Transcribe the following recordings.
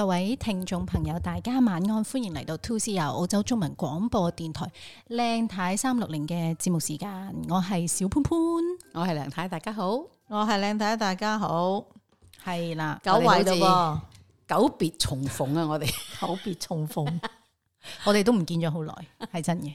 各位聽眾朋友，大家晚安，歡迎嚟到 2CR 由澳洲中文廣播電台靚太三六零嘅節目時間，我係小潘潘，我係梁太，大家好，我係靚太，大家好，係啦，久違咯，久別重逢啊，我哋 久別重逢， 我哋都唔見咗好耐，係真嘅。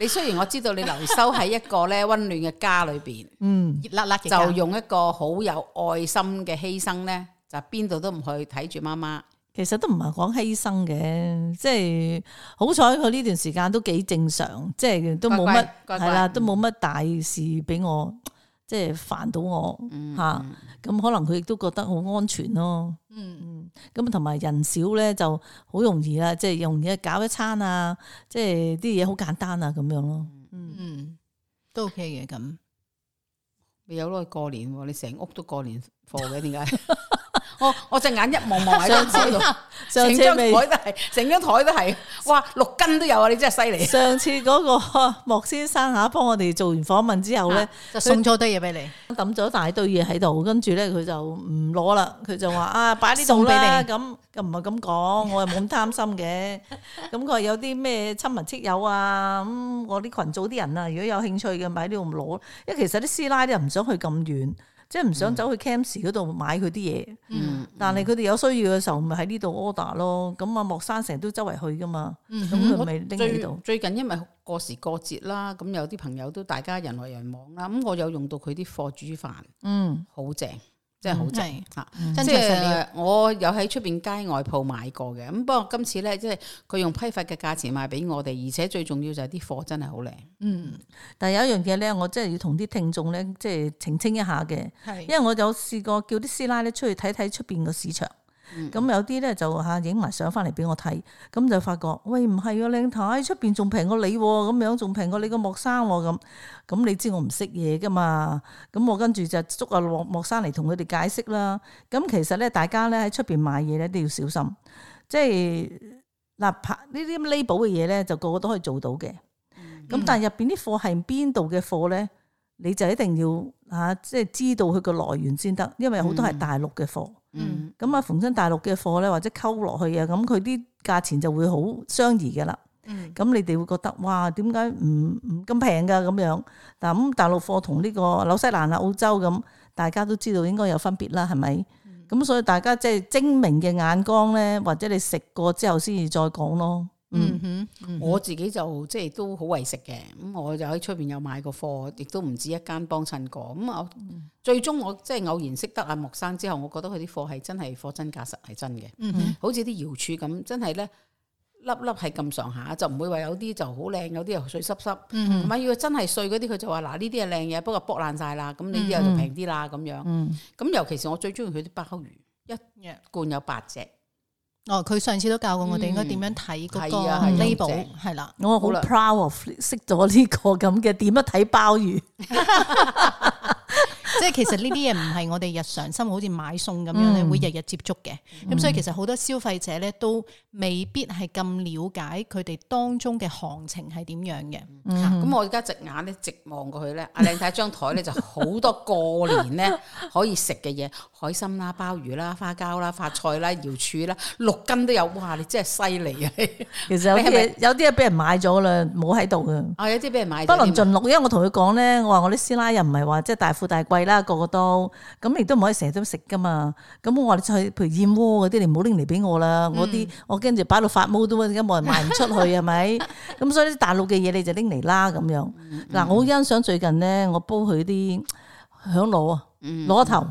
你雖然我知道你留守喺一個咧溫暖嘅家裏邊， 嗯，熱辣辣就用一個好有愛心嘅犧牲咧，就邊度都唔去睇住媽媽。其實都唔係講犧牲嘅，即係好彩佢呢段時間都幾正常，即係都冇乜係啦，都冇乜大事俾我即係煩到我吓。咁可能佢亦都覺得好安全咯。嗯嗯，咁同埋人少咧，就好容易啦，即係容易搞一餐啊，即係啲嘢好簡單啊，咁樣咯，嗯嗯，都 OK 嘅。咁，你有咯，過年你成屋都過年貨嘅，點解？ 我我隻眼一望，望埋張紙度，成張台都係，成張台都係，哇，六斤都有啊！你真係犀利。上次嗰個莫先生吓，幫我哋做完訪問之後咧，就送咗堆嘢俾你，抌咗一大堆嘢喺度，跟住咧佢就唔攞啦，佢就話啊，擺呢度啦，咁又唔係咁講，我又冇咁貪心嘅。咁佢話有啲咩親朋戚友啊，咁我啲群組啲人啊，如果有興趣嘅咪喺呢度攞，因為其實啲師奶咧又唔想去咁遠。即係唔想走去 Camp 嗰度買佢啲嘢。嗯嗯、但係佢哋有需要嘅時候，咪喺呢度 order 咯。咁啊、嗯，莫生成日都周圍去噶嘛。咁佢咪拎呢度。最近因為過時過節啦，咁有啲朋友都大家人來人往啦。咁我有用到佢啲貨煮飯，嗯，好正。真係好正吓！即係我有喺出邊街外鋪買過嘅，咁不過今次咧，即係佢用批發嘅價錢賣俾我哋，而且最重要就係啲貨真係好靚。嗯，但係有一樣嘢咧，我真係要同啲聽眾咧，即係澄清一下嘅，是因為我有試過叫啲師奶咧出去睇睇出邊個市場。咁、嗯、有啲咧就嚇影埋相翻嚟俾我睇，咁就發覺，喂，唔係啊，靚太出邊仲平過你咁、啊、樣，仲平過你個莫生咁。咁你知我唔識嘢噶嘛？咁我跟住就捉阿莫生嚟同佢哋解釋啦。咁其實咧，大家咧喺出邊買嘢咧都要小心。即係嗱，呢啲 label 嘅嘢咧，就個個都可以做到嘅。咁、嗯、但係入邊啲貨係邊度嘅貨咧，你就一定要嚇即係知道佢個來源先得，因為好多係大陸嘅貨。嗯嗯，咁啊、嗯，逢新大陸嘅貨咧，或者溝落去啊，咁佢啲價錢就會好相宜㗎喇。咁、嗯、你哋會覺得，哇，點解唔唔咁平㗎咁樣？但咁、嗯、大陸貨同呢、呢個紐西蘭啊、澳洲咁，大家都知道應該有分別啦，係咪？咁、嗯嗯、所以大家即係精明嘅眼光咧，或者你食過之後先至再講咯。嗯哼，mm hmm, mm hmm. 我自己就即係都好為食嘅，咁我就喺出邊有買過貨，亦都唔止一間幫襯過。咁啊，mm hmm. 最終我即係偶然識得阿木生之後，我覺得佢啲貨係真係貨真價實，係真嘅。好似啲瑤柱咁，真係咧、mm hmm. 粒粒係咁上下，就唔會話有啲就好靚，有啲又濕、mm hmm. 的碎濕濕。嗯，萬一佢真係碎嗰啲，佢就話，嗱，呢啲係靚嘢，不過剝爛晒啦，咁呢啲就平啲啦，咁、mm hmm. 樣。咁、mm hmm. 尤其是我最中意佢啲鮑魚，一罐有八隻。哦，佢上次都教過我哋應該點樣睇嗰個 label，係啦、嗯。啊啊、了我好 proud of you，識咗呢、這個咁嘅點樣睇鮑魚。 即係 其實呢啲嘢唔係我哋日常生活好似買餸咁樣咧，嗯、會日日接觸嘅。咁、嗯、所以其實好多消費者咧都未必係咁了解佢哋當中嘅行情係點樣嘅。咁、嗯嗯、我而家隻眼咧直望過去咧，阿靚睇張台咧就好多過年咧可以食嘅嘢，海參啦、鮑魚啦、花膠啦、髮菜啦、瑤柱啦，六斤都有。哇！你真係犀利啊！其實有啲有啲啊，俾人買咗啦，冇喺度啊。啊、哦！有啲俾人買，不能盡錄，因為我同佢講咧，我話我啲師奶又唔係話即係大富大貴。啦，個個都咁你都唔可以成日都食噶嘛。咁我話你出去譬如燕窩嗰啲，你唔好拎嚟俾我啦。嗯、我啲我驚住擺到發毛都，而家冇人賣唔出去係咪？咁 所以啲大陸嘅嘢你就拎嚟啦咁樣。嗱、嗯，我好欣賞最近咧，我煲佢啲響螺啊，螺、嗯、頭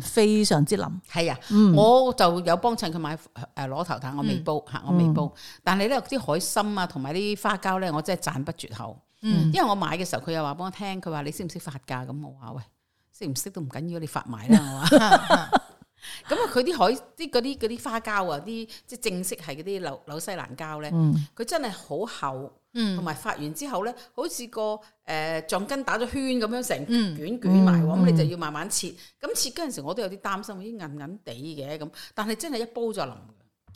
非常之腍。係啊，嗯、我就有幫襯佢買誒螺頭蛋，我未煲嚇，我未煲。嗯嗯、但係咧啲海參啊，同埋啲花膠咧，我真係讚不絕口。因為我買嘅時候佢又話幫我聽佢，佢話你識唔識發價咁，我話喂。識唔識都唔緊要，你發埋啦，係嘛？咁啊，佢啲海啲嗰啲啲花膠啊，啲即係正式係嗰啲紐紐西蘭膠咧，佢真係好厚，同埋發完之後咧，好似個誒橡筋打咗圈咁樣成捲捲埋喎，咁你就要慢慢切。咁切嗰陣時，我都有啲擔心，有啲韌韌哋嘅咁，但係真係一煲就腍，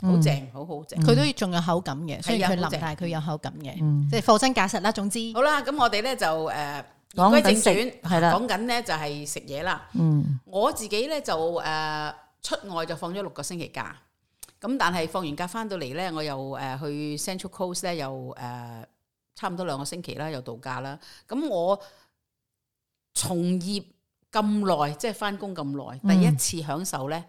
好正，好好正。佢都仲有口感嘅，雖然佢腍，但係佢有口感嘅，即係貨真價實啦。總之，好啦，咁我哋咧就誒。講緊食係啦，講緊咧就係食嘢啦。嗯，我自己咧就誒、呃、出外就放咗六個星期假，咁但係放完假翻到嚟咧，我又誒去 Central Coast 咧又誒、呃、差唔多兩個星期啦，又度假啦。咁我從業咁耐，即係翻工咁耐，嗯、第一次享受咧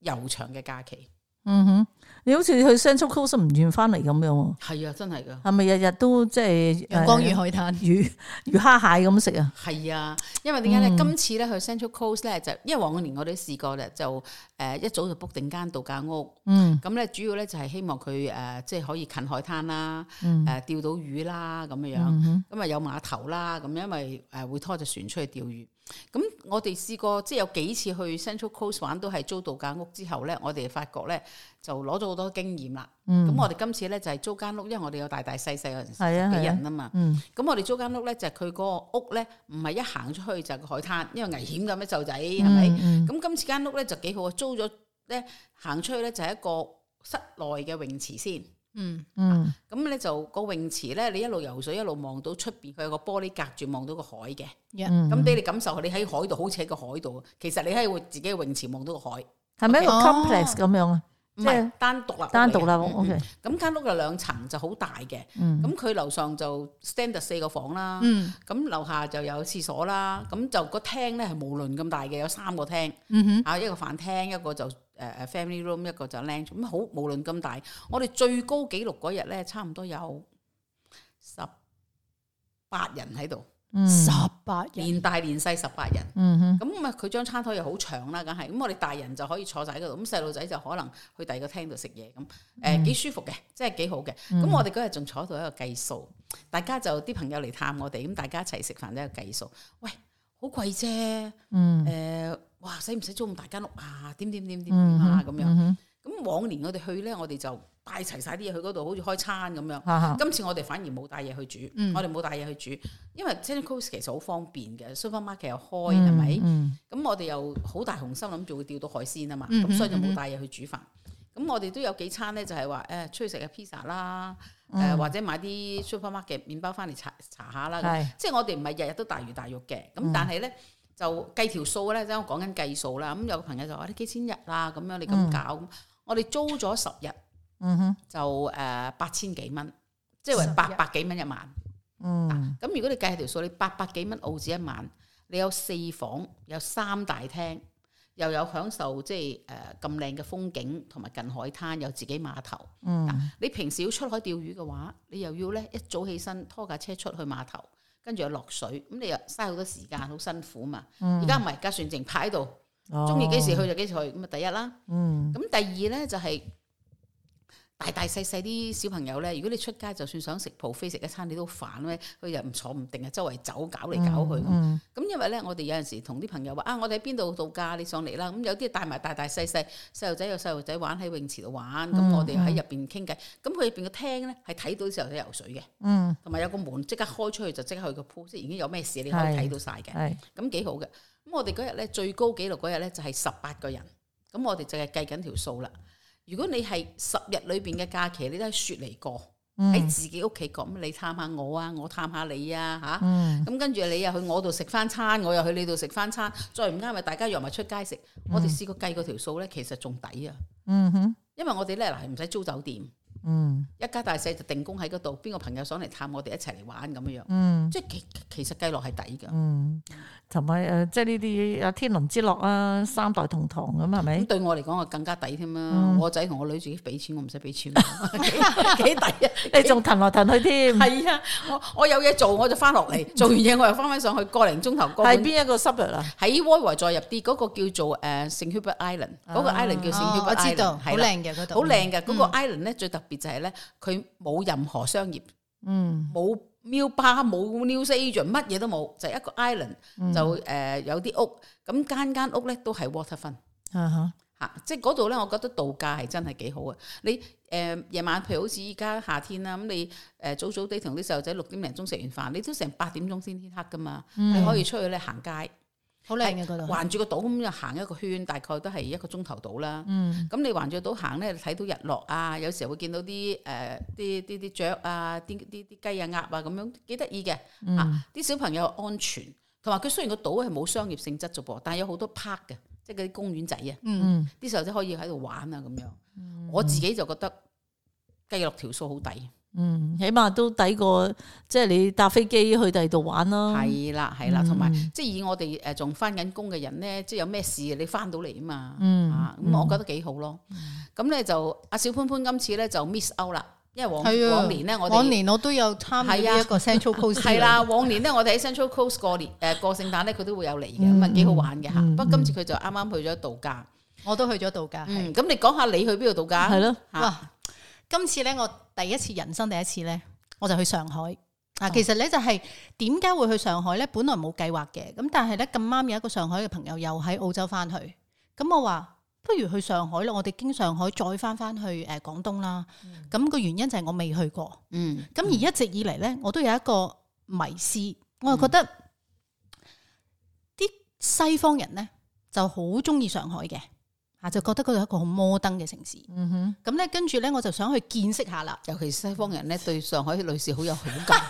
悠長嘅假期。嗯哼。你好似去 Central Coast 唔願翻嚟咁樣喎，係啊，真係噶，係咪、即係、日日都即係？陽光與海灘，魚魚蝦蟹咁食啊？係啊，因為點解咧？嗯、今次咧去 Central Coast 咧就，因為往年我都試過咧，就誒一早就 book 定間度假屋，嗯，咁咧主要咧就係希望佢誒即係可以近海灘啦，誒釣、嗯、到魚啦咁樣，咁啊有碼頭啦，咁因為誒會拖隻船出去釣魚。咁我哋試過即係有幾次去 Central Coast 玩，都係租度假屋之後咧，我哋發覺咧就攞咗好多經驗啦。咁、嗯、我哋今次咧就係、是、租間屋，因為我哋有大大細細嗰陣時嘅人啊嘛。咁、啊啊嗯、我哋租間屋咧就佢嗰個屋咧唔係一行出去就海灘，因為危險嘅咩，細仔係咪？咁、嗯嗯、今次間屋咧就幾好，租咗咧行出去咧就係一個室內嘅泳池先。嗯嗯，咁咧就個泳池咧，你一路游水一路望到出邊，佢有個玻璃隔住望到個海嘅，咁你哋感受。你喺海度好似喺個海度，其實你喺自己嘅泳池望到個海，係咪一個 complex 咁樣啊？即係，單獨啦，單獨啦。O K，咁間屋有兩層，就好大嘅。咁佢樓上就 stand 住四個房啦，咁樓下就有廁所啦。咁就個廳咧係無論咁大嘅，有三個廳。嗯哼，啊一個飯廳，一個就。誒誒、uh,，family room 一個就靚咁好，無論咁大，我哋最高紀錄嗰日咧，差唔多有十八人喺度，十八人，年大年細十八人，咁咪佢張餐枱又好長啦，梗係咁我哋大人就可以坐晒喺嗰度，咁細路仔就可能去第二個廳度食嘢咁，誒、嗯呃、幾舒服嘅，即係幾好嘅，咁、嗯、我哋嗰日仲坐喺度一個計數，大家就啲朋友嚟探我哋，咁大家一齊食飯喺度計數，喂，好貴啫，誒、嗯。呃哇！使唔使租咁大間屋啊？點點點點點啊咁樣。咁往年我哋去咧，我哋就帶齊晒啲嘢去嗰度，好似開餐咁樣。今次我哋反而冇帶嘢去煮，我哋冇帶嘢去煮，因為 Tender Coast 其實好方便嘅，Supermarket 又開，係咪？咁我哋又好大雄心諗住會釣到海鮮啊嘛，咁所以就冇帶嘢去煮飯。咁我哋都有幾餐咧，就係話誒出去食下 pizza 啦，誒或者買啲 Supermarket 麵包翻嚟搽搽下啦。即係我哋唔係日日都大魚大肉嘅，咁但係咧，就計條數咧，即係我講緊計數啦。咁有個朋友就話：你幾千日啦、啊，咁樣你咁搞，嗯、我哋租咗十日，嗯、哼就誒、呃、八千幾蚊，即係八百幾蚊一晚。咁、嗯啊、如果你計條數，你八百幾蚊澳紙一晚，你有四房，有三大廳，又有享受即係誒咁靚嘅風景，同埋近海灘，有自己碼頭。嗯啊、你平時要出海釣魚嘅話，你又要咧一早起身拖架車出去碼頭。跟住又落水，咁你又嘥好多時間，好辛苦嘛。而家唔係，架船淨泊喺度，中意幾時去就幾時去，咁啊第一啦。咁、嗯、第二咧就係、是。大大細細啲小朋友咧，如果你出街，就算想食 buffet 食一餐，你都煩咧。佢又唔坐唔定啊，周圍走搞嚟搞去。咁因為咧，我哋有陣時同啲朋友話啊，我哋喺邊度度假，你上嚟啦。咁有啲帶埋大大細細細路仔，有細路仔玩喺泳池度玩。咁我哋喺入邊傾偈。咁佢入邊個廳咧，係睇到啲細路仔游水嘅。同埋有個門即刻開出去，就即刻去個鋪，即係已經有咩事你可以睇到晒嘅。咁幾好嘅。咁我哋嗰日咧，最高紀錄嗰日咧就係十八個人。咁我哋就係計緊條數啦。如果你係十日裏邊嘅假期，你都係雪嚟過喺、嗯、自己屋企過，咁你探下我啊，我探下你啊，嚇、啊，咁、嗯、跟住你又去我度食翻餐，我又去你度食翻餐，再唔啱咪大家約埋出街食，嗯、我哋試過計過條數咧，其實仲抵啊，嗯哼，因為我哋咧嗱，係唔使租酒店。嗯，一家大細就定工喺嗰度，邊個朋友想嚟探我哋一齊嚟玩咁樣樣。即係其其實計落係抵噶。嗯，同埋誒，即係呢啲天倫之樂啊，三代同堂咁係咪？對我嚟講啊，更加抵添啦。我仔同我女自己俾錢，我唔使俾錢，幾抵啊！你仲騰來騰去添。係啊，我有嘢做，我就翻落嚟，做完嘢我又翻翻上去，個零鐘頭。係邊一個 Island 啊？喺 Walway 再入啲，嗰個叫做誒 Saint Hubert Island，嗰個 Island 叫 Saint Hubert Island，好靚嘅嗰度，好靚嘅嗰個 Island 咧，最特別。就係咧，佢冇任何商業，嗯，冇 milk bar，冇 newsagent，乜嘢都冇，就是、一個 Island、嗯、就誒、呃、有啲屋，咁間間屋咧都係 waterfront，啊哈，吓、啊，即係嗰度咧，我覺得度假係真係幾好啊。你誒夜、呃、晚，譬如好似依家夏天啦，咁你誒、呃、早早地同啲細路仔六點零鐘食完飯，你都成八點鐘先天黑噶嘛，嗯、你可以出去咧行街。好靚嘅度，環住是個島咁又行一個圈，大概都係一個鐘頭到啦。咁、嗯、你環住個島行咧，睇到日落啊，有時候會見到啲誒，啲啲啲雀啊，啲啲啲雞啊、鴨啊咁樣，幾得意嘅。嗯、啊，啲小朋友安全，同埋佢雖然個島係冇商業性質咋噃，但係有好多 park 嘅，即係嗰啲公園仔啊。啲細、嗯、路仔可以喺度玩啊，咁樣。嗯、我自己就覺得，計落條數好抵。嗯，起碼都抵過，即係你搭飛機去第二度玩咯。係啦係啦，同埋即係以我哋誒仲翻緊工嘅人咧，即係有咩事你翻到嚟啊嘛。嗯，咁我覺得幾好咯。咁咧就阿小潘潘今次咧就 miss out 啦，因為往年咧我往年我都有參加一個 Central Coast 係啦。往年咧我哋喺 Central Coast 過年誒過聖誕咧，佢都會有嚟嘅，咁啊幾好玩嘅吓。不過今次佢就啱啱去咗度假，我都去咗度假。咁你講下你去邊度度假係咯？哇，今次咧我。第一次人生第一次呢，我就去上海啊！哦、其實呢、就是，就係點解會去上海呢？本來冇計劃嘅，咁但係呢，咁啱有一個上海嘅朋友又喺澳洲翻去，咁我話不如去上海咯！我哋經上海再翻翻去誒廣東啦。咁、嗯、個原因就係我未去過，嗯，咁而一直以嚟呢，我都有一個迷思，我就覺得啲、嗯、西方人呢就好中意上海嘅。啊，就覺得嗰度係一個好摩登嘅城市。咁咧，跟住咧，我就想去見識下啦。尤其西方人咧，對上海女士好有好感，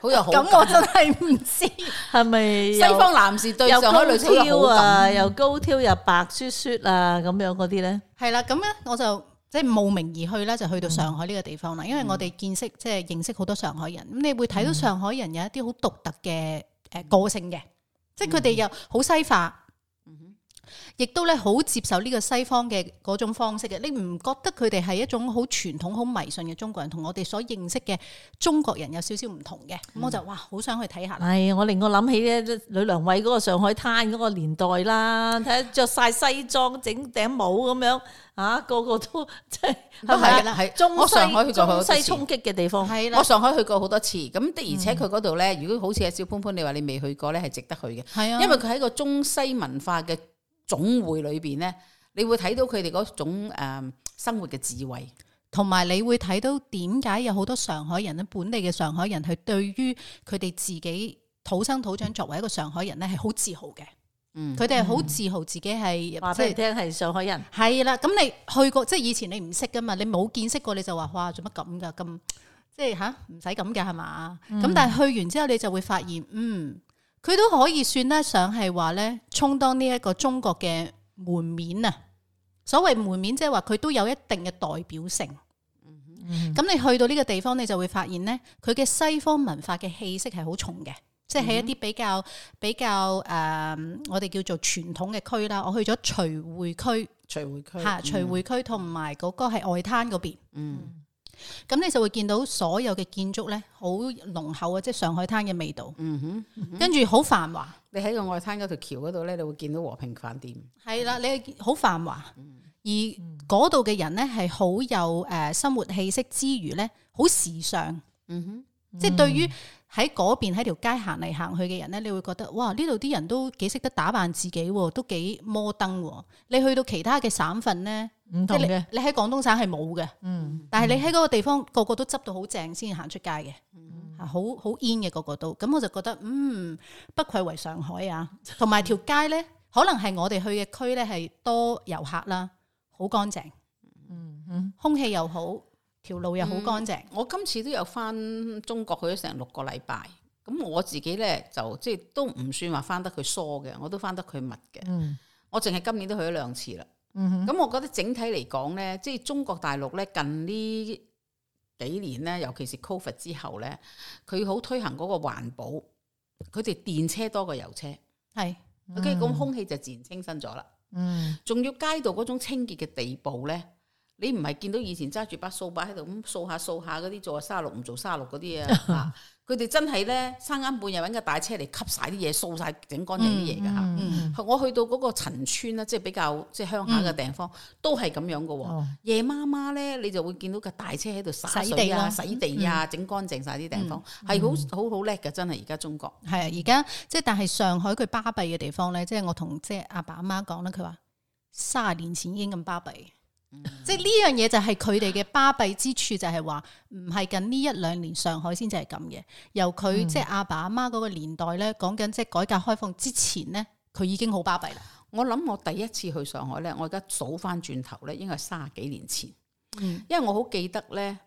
好有好感。咁我真係唔知係咪西方男士對上海女士啊，又高挑又白雪雪啊，咁樣嗰啲咧。係啦，咁咧我就即係慕名而去啦，就去到上海呢個地方啦。因為我哋見識即係認識好多上海人，咁你會睇到上海人有一啲好獨特嘅誒個性嘅，即係佢哋又好西化。亦都咧好接受呢個西方嘅嗰種方式嘅，你唔覺得佢哋係一種好傳統、好迷信嘅中國人，同我哋所認識嘅中國人有少少唔同嘅。咁、嗯、我就哇，好想去睇下。係、哎、我令我諗起咧，呂良偉嗰個上海灘嗰個年代啦，睇下着晒西裝、整頂帽咁樣啊，個個都即係係啦，係是是中西中西衝擊嘅地方。係啦，我上海去過好多次。咁的而且佢嗰度咧，如果好似阿小潘潘，你話你未去過咧，係值得去嘅。係啊，因為佢喺個中西文化嘅。總會裏邊咧，你會睇到佢哋嗰種誒、嗯、生活嘅智慧，同埋你會睇到點解有好多上海人咧，本地嘅上海人，係對於佢哋自己土生土長作為一個上海人咧，係好自豪嘅。嗯，佢哋係好自豪自己係，話俾、嗯就是、你聽係上海人。係啦，咁你去過，即係以前你唔識噶嘛，你冇見識過，你就話哇做乜咁噶咁，即係吓唔使咁噶係嘛？咁、嗯、但係去完之後，你就會發現，嗯。佢都可以算得上係話呢，充當呢一個中國嘅門面啊！所謂門面，即係話佢都有一定嘅代表性。咁、嗯、你去到呢個地方，你就會發現呢，佢嘅西方文化嘅氣息係好重嘅，即係一啲比較、嗯、比較誒、呃，我哋叫做傳統嘅區啦。我去咗徐匯區，徐匯區吓，嗯、徐匯區同埋嗰個係外灘嗰邊。嗯。咁你就會見到所有嘅建築咧，好濃厚啊！即係上海灘嘅味道。嗯哼，跟住好繁華。你喺個外灘嗰條橋嗰度咧，你會見到和平飯店。係啦，你係好繁華。而嗰度嘅人咧係好有誒生活氣息之餘咧，好時尚。嗯哼，即係，嗯，對於。喺嗰邊喺條街行嚟行去嘅人呢，你會覺得哇！呢度啲人都幾識得打扮自己喎，都幾摩登喎。你去到其他嘅省份呢，唔同嘅。你喺廣東省係冇嘅，嗯、但係你喺嗰個地方、嗯、個個都執到好正先行出街嘅，好好 in 嘅個個都。咁我就覺得嗯，不愧為上海啊。同埋條街呢，可能係我哋去嘅區呢，係多遊客啦，好乾淨，嗯嗯、空氣又好。條路又好乾淨、嗯，我今次都有翻中國去咗成六個禮拜，咁我自己咧就即係都唔算話翻得佢疏嘅，我都翻得佢密嘅。嗯、我淨係今年都去咗兩次啦。咁、嗯、哼我覺得整體嚟講咧，即係中國大陸咧近呢幾年咧，尤其是 Covid 之後咧，佢好推行嗰個環保，佢哋電車多過油車，係，咁、嗯、空氣就自然清新咗啦。嗯，仲要街道嗰種清潔嘅地步咧。你唔係見到以前揸住把掃把喺度咁掃下掃下嗰啲做沙律唔做沙律嗰啲啊？佢哋 真係咧，三更半夜揾架大車嚟吸晒啲嘢，掃晒整乾淨啲嘢嘅嚇。嗯嗯、我去到嗰個陳村咧，即、就、係、是、比較即係鄉下嘅地方，嗯、都係咁樣嘅、啊。哦、夜媽媽咧，你就會見到架大車喺度灑水啊、洗地啊、整、啊嗯、乾淨晒啲地方，係好好好叻嘅，真係而家中國。係啊，而家即係但係上海佢巴閉嘅地方咧，即、就、係、是、我同即係阿爸阿媽講啦，佢話三十年前已經咁巴閉。嗯、即係呢樣嘢就係佢哋嘅巴閉之處，啊、就係話唔係近呢一兩年上海先至係咁嘅。由佢、嗯、即係阿爸阿媽嗰個年代咧，講緊即係改革開放之前咧，佢已經好巴閉啦。我諗我第一次去上海咧，我而家數翻轉頭咧，應該係三十幾年前。嗯、因為我好記得咧，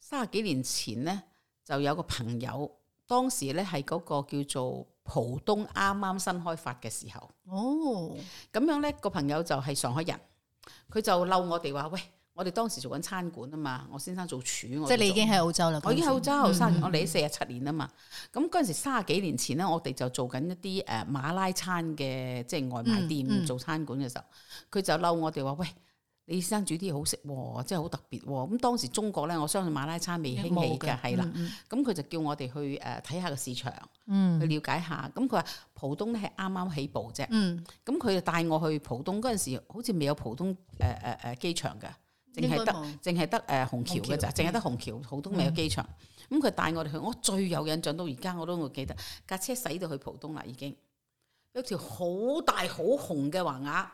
三十幾年前咧就有個朋友，當時咧係嗰個叫做浦東啱啱新開發嘅時候。哦，咁樣咧個朋友就係上海人。佢就嬲我哋話，喂，我哋當時做緊餐館啊嘛，我先生做廚，我即係你已經喺澳洲啦，時我已經喺澳洲後生，嗯嗯我嚟四十七年啊嘛，咁嗰陣時三十幾年前咧，我哋就做緊一啲誒馬拉餐嘅，即係外賣店嗯嗯做餐館嘅時候，佢就嬲我哋話，喂。李先生煮啲嘢好食，即係好特別。咁當時中國咧，我相信馬拉餐未興起嘅，係啦。咁佢就叫我哋去誒睇下個市場，嗯、去了解下。咁佢話浦東咧係啱啱起步啫。咁佢就帶我去浦東，嗰陣時，好似未有浦東誒誒誒機場嘅，淨係得淨係得誒虹橋嘅咋，淨係得虹橋，只只虹橋，浦東未有機場。咁佢、嗯、帶我哋去，我最有印象到而家我都會記得架車駛到去浦東啦，已經有條好大好紅嘅橫額，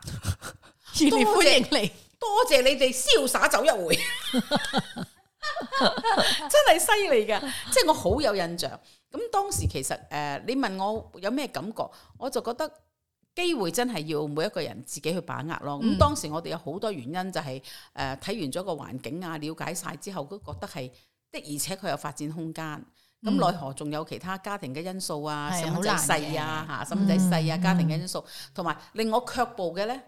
熱烈 你歡迎你。 多謝你哋瀟灑走一回， 真係犀利噶！即係我好有印象。咁當時其實誒、呃，你問我有咩感覺，我就覺得機會真係要每一個人自己去把握咯。咁當時我哋有好多原因，就是，就係誒睇完咗個環境啊，了解晒之後都覺得係的，而且佢有發展空間。咁奈、嗯、何仲有其他家庭嘅因素啊，細是啊吓，細啊，、嗯、細啊家庭嘅因素，同埋令我卻步嘅呢。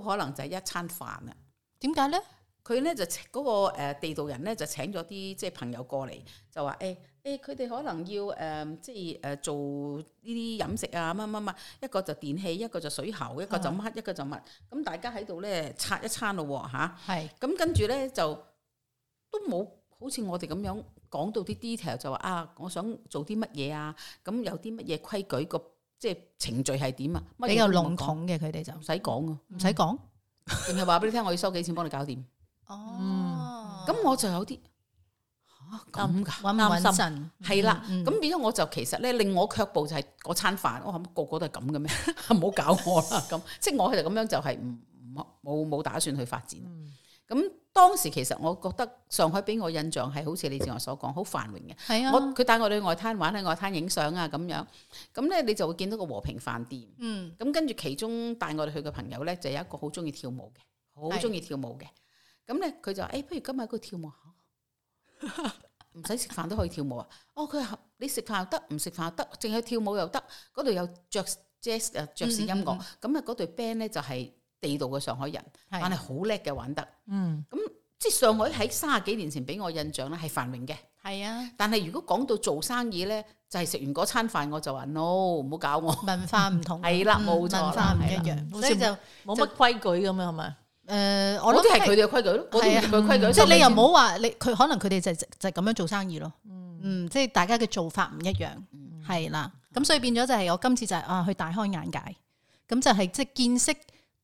好可能就係一餐飯啊？點解咧？佢咧就嗰、那個誒、呃、地道人咧就請咗啲即係朋友過嚟，就話誒誒，佢、欸、哋、欸、可能要誒、呃、即係誒、呃、做呢啲飲食啊，乜乜乜，一個就電器，一個就水喉，、啊、個就乜，一個就乜，一個就乜。」咁大家喺度咧拆一餐咯喎吓，係、啊是，咁、嗯、跟住咧就都冇好似我哋咁樣講到啲 detail，就話啊，我想做啲乜嘢啊，咁有啲乜嘢規矩、那個。即係程序係點啊？比較籠統嘅，佢哋就唔使講，唔使講，淨係話俾你聽我要收幾錢，幫你搞掂。哦，咁、嗯、我就有啲吓咁噶，擔、啊、心係啦。咁、嗯、變咗我就其實咧令我卻步就係嗰餐飯。我諗個個都係咁嘅咩？唔 好搞我啦。咁 即係我係就咁樣就係唔唔冇冇打算去發展。嗯咁當時其實我覺得上海俾我印象係好似你志我所講，好繁榮嘅。係是啊，啊，我佢帶我去外灘玩，喺外灘影相啊咁樣。咁咧你就會見到個和平飯店。嗯。咁跟住其中帶我哋去嘅朋友咧，就有一個好中意跳舞嘅，好中意跳舞嘅。咁咧佢就誒、欸，不如今日去跳舞嚇，唔使食飯都可以跳舞啊！哦，佢你食飯又得，唔食飯又得，淨係跳舞又得。嗰度有爵士爵士音樂。咁啊，嗰隊 band 咧就係、是。地道嘅上海人，但係好叻嘅玩得，嗯，咁即係上海喺三十幾年前俾我印象咧係繁榮嘅，係啊。但係如果講到做生意咧，就係食完嗰餐飯我就話 no，唔好搞我文化唔同，係啦，冇錯，文化唔一樣，所以就冇乜規矩咁樣係咪？誒，我諗啲係佢哋嘅規矩咯，規矩，即係你又唔好話你佢可能佢哋就就咁樣做生意咯，嗯，即係大家嘅做法唔一樣，係啦，咁所以變咗就係我今次就係啊去大開眼界，咁就係即係見識。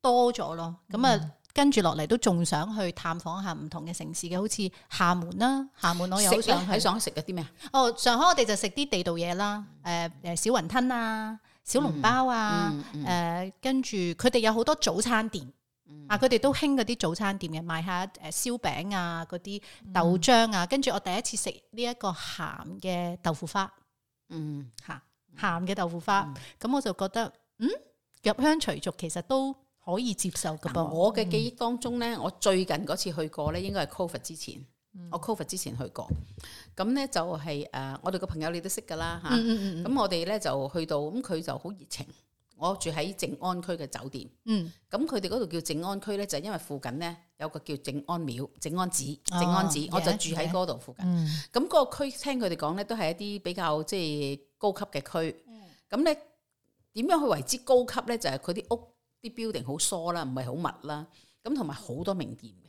多咗咯，咁啊、嗯，跟住落嚟都仲想去探訪下唔同嘅城市嘅，好似廈門啦、啊，廈門我有。食咗喺上海食嘅啲咩？哦，上海我哋就食啲地道嘢啦，誒誒、嗯呃，小雲吞啊，小籠包啊，誒、嗯，跟住佢哋有好多早餐店，嗯、啊，佢哋都興嗰啲早餐店嘅，賣下誒燒餅啊，嗰啲豆漿啊，跟住、嗯、我第一次食呢一個鹹嘅豆腐花，嗯，吓鹹嘅豆腐花，咁我就覺得，嗯，入鄉隨俗，其實都。可以接受噶噃，我嘅記憶當中咧，嗯、我最近嗰次去過咧，應該係 COVID 之前，嗯、我 COVID 之前去過。咁咧就係、是、誒，uh, 我哋個朋友你都識噶啦嚇。咁、嗯嗯嗯、我哋咧就去到，咁佢就好熱情。我住喺靜安區嘅酒店。嗯。咁佢哋嗰度叫靜安區咧，就是、因為附近咧有個叫靜安廟、靜安寺、靜安寺，哦、我就住喺嗰度附近。嗯。咁嗰個區聽佢哋講咧，都係一啲比較即係高級嘅區。嗯。咁咧點樣去為之高級咧？就係佢啲屋。啲 building 好疏啦，唔係好密啦，咁同埋好多名店嘅。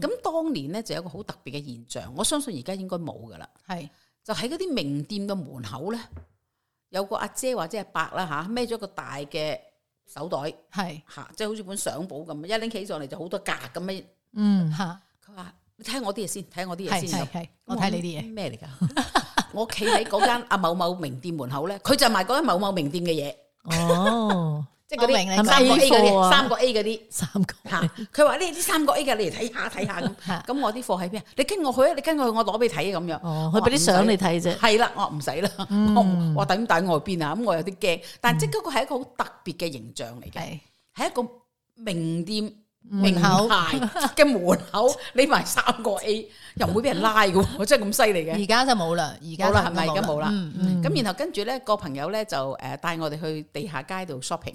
咁、嗯、當年咧就有一個好特別嘅現象，我相信而家應該冇噶啦。係是就喺嗰啲名店嘅門口咧，有個阿姐或者阿伯啦吓，孭、啊、咗個大嘅手袋，係吓是、啊，即係好似本相簿咁，一拎起上嚟就好多格咁嘅。啊、嗯吓，佢話你睇我啲嘢先，睇我啲嘢先，後我睇你啲嘢咩嚟噶？ 我企喺嗰間阿某某名店門口咧，佢就賣嗰間某某名店嘅嘢。哦。即係嗰啲三個 A 嗰啲，三個 A 嗰啲，吓佢話呢啲三個 A 嘅，你嚟睇下睇下咁。咁我啲貨喺邊啊？你跟我去啊！你跟我去，我攞俾你睇咁樣。哦，去俾啲相你睇啫。係啦，我唔使啦。我我點帶我去邊啊？咁我有啲驚。但係即係嗰個係一個好特別嘅形象嚟嘅，係一個名店名牌嘅門口，你埋三個 A 又唔會俾人拉嘅喎，真係咁犀利嘅。而家就冇啦，而家啦係咪？而家冇啦。咁然後跟住咧，個朋友咧就誒帶我哋去地下街度 shopping。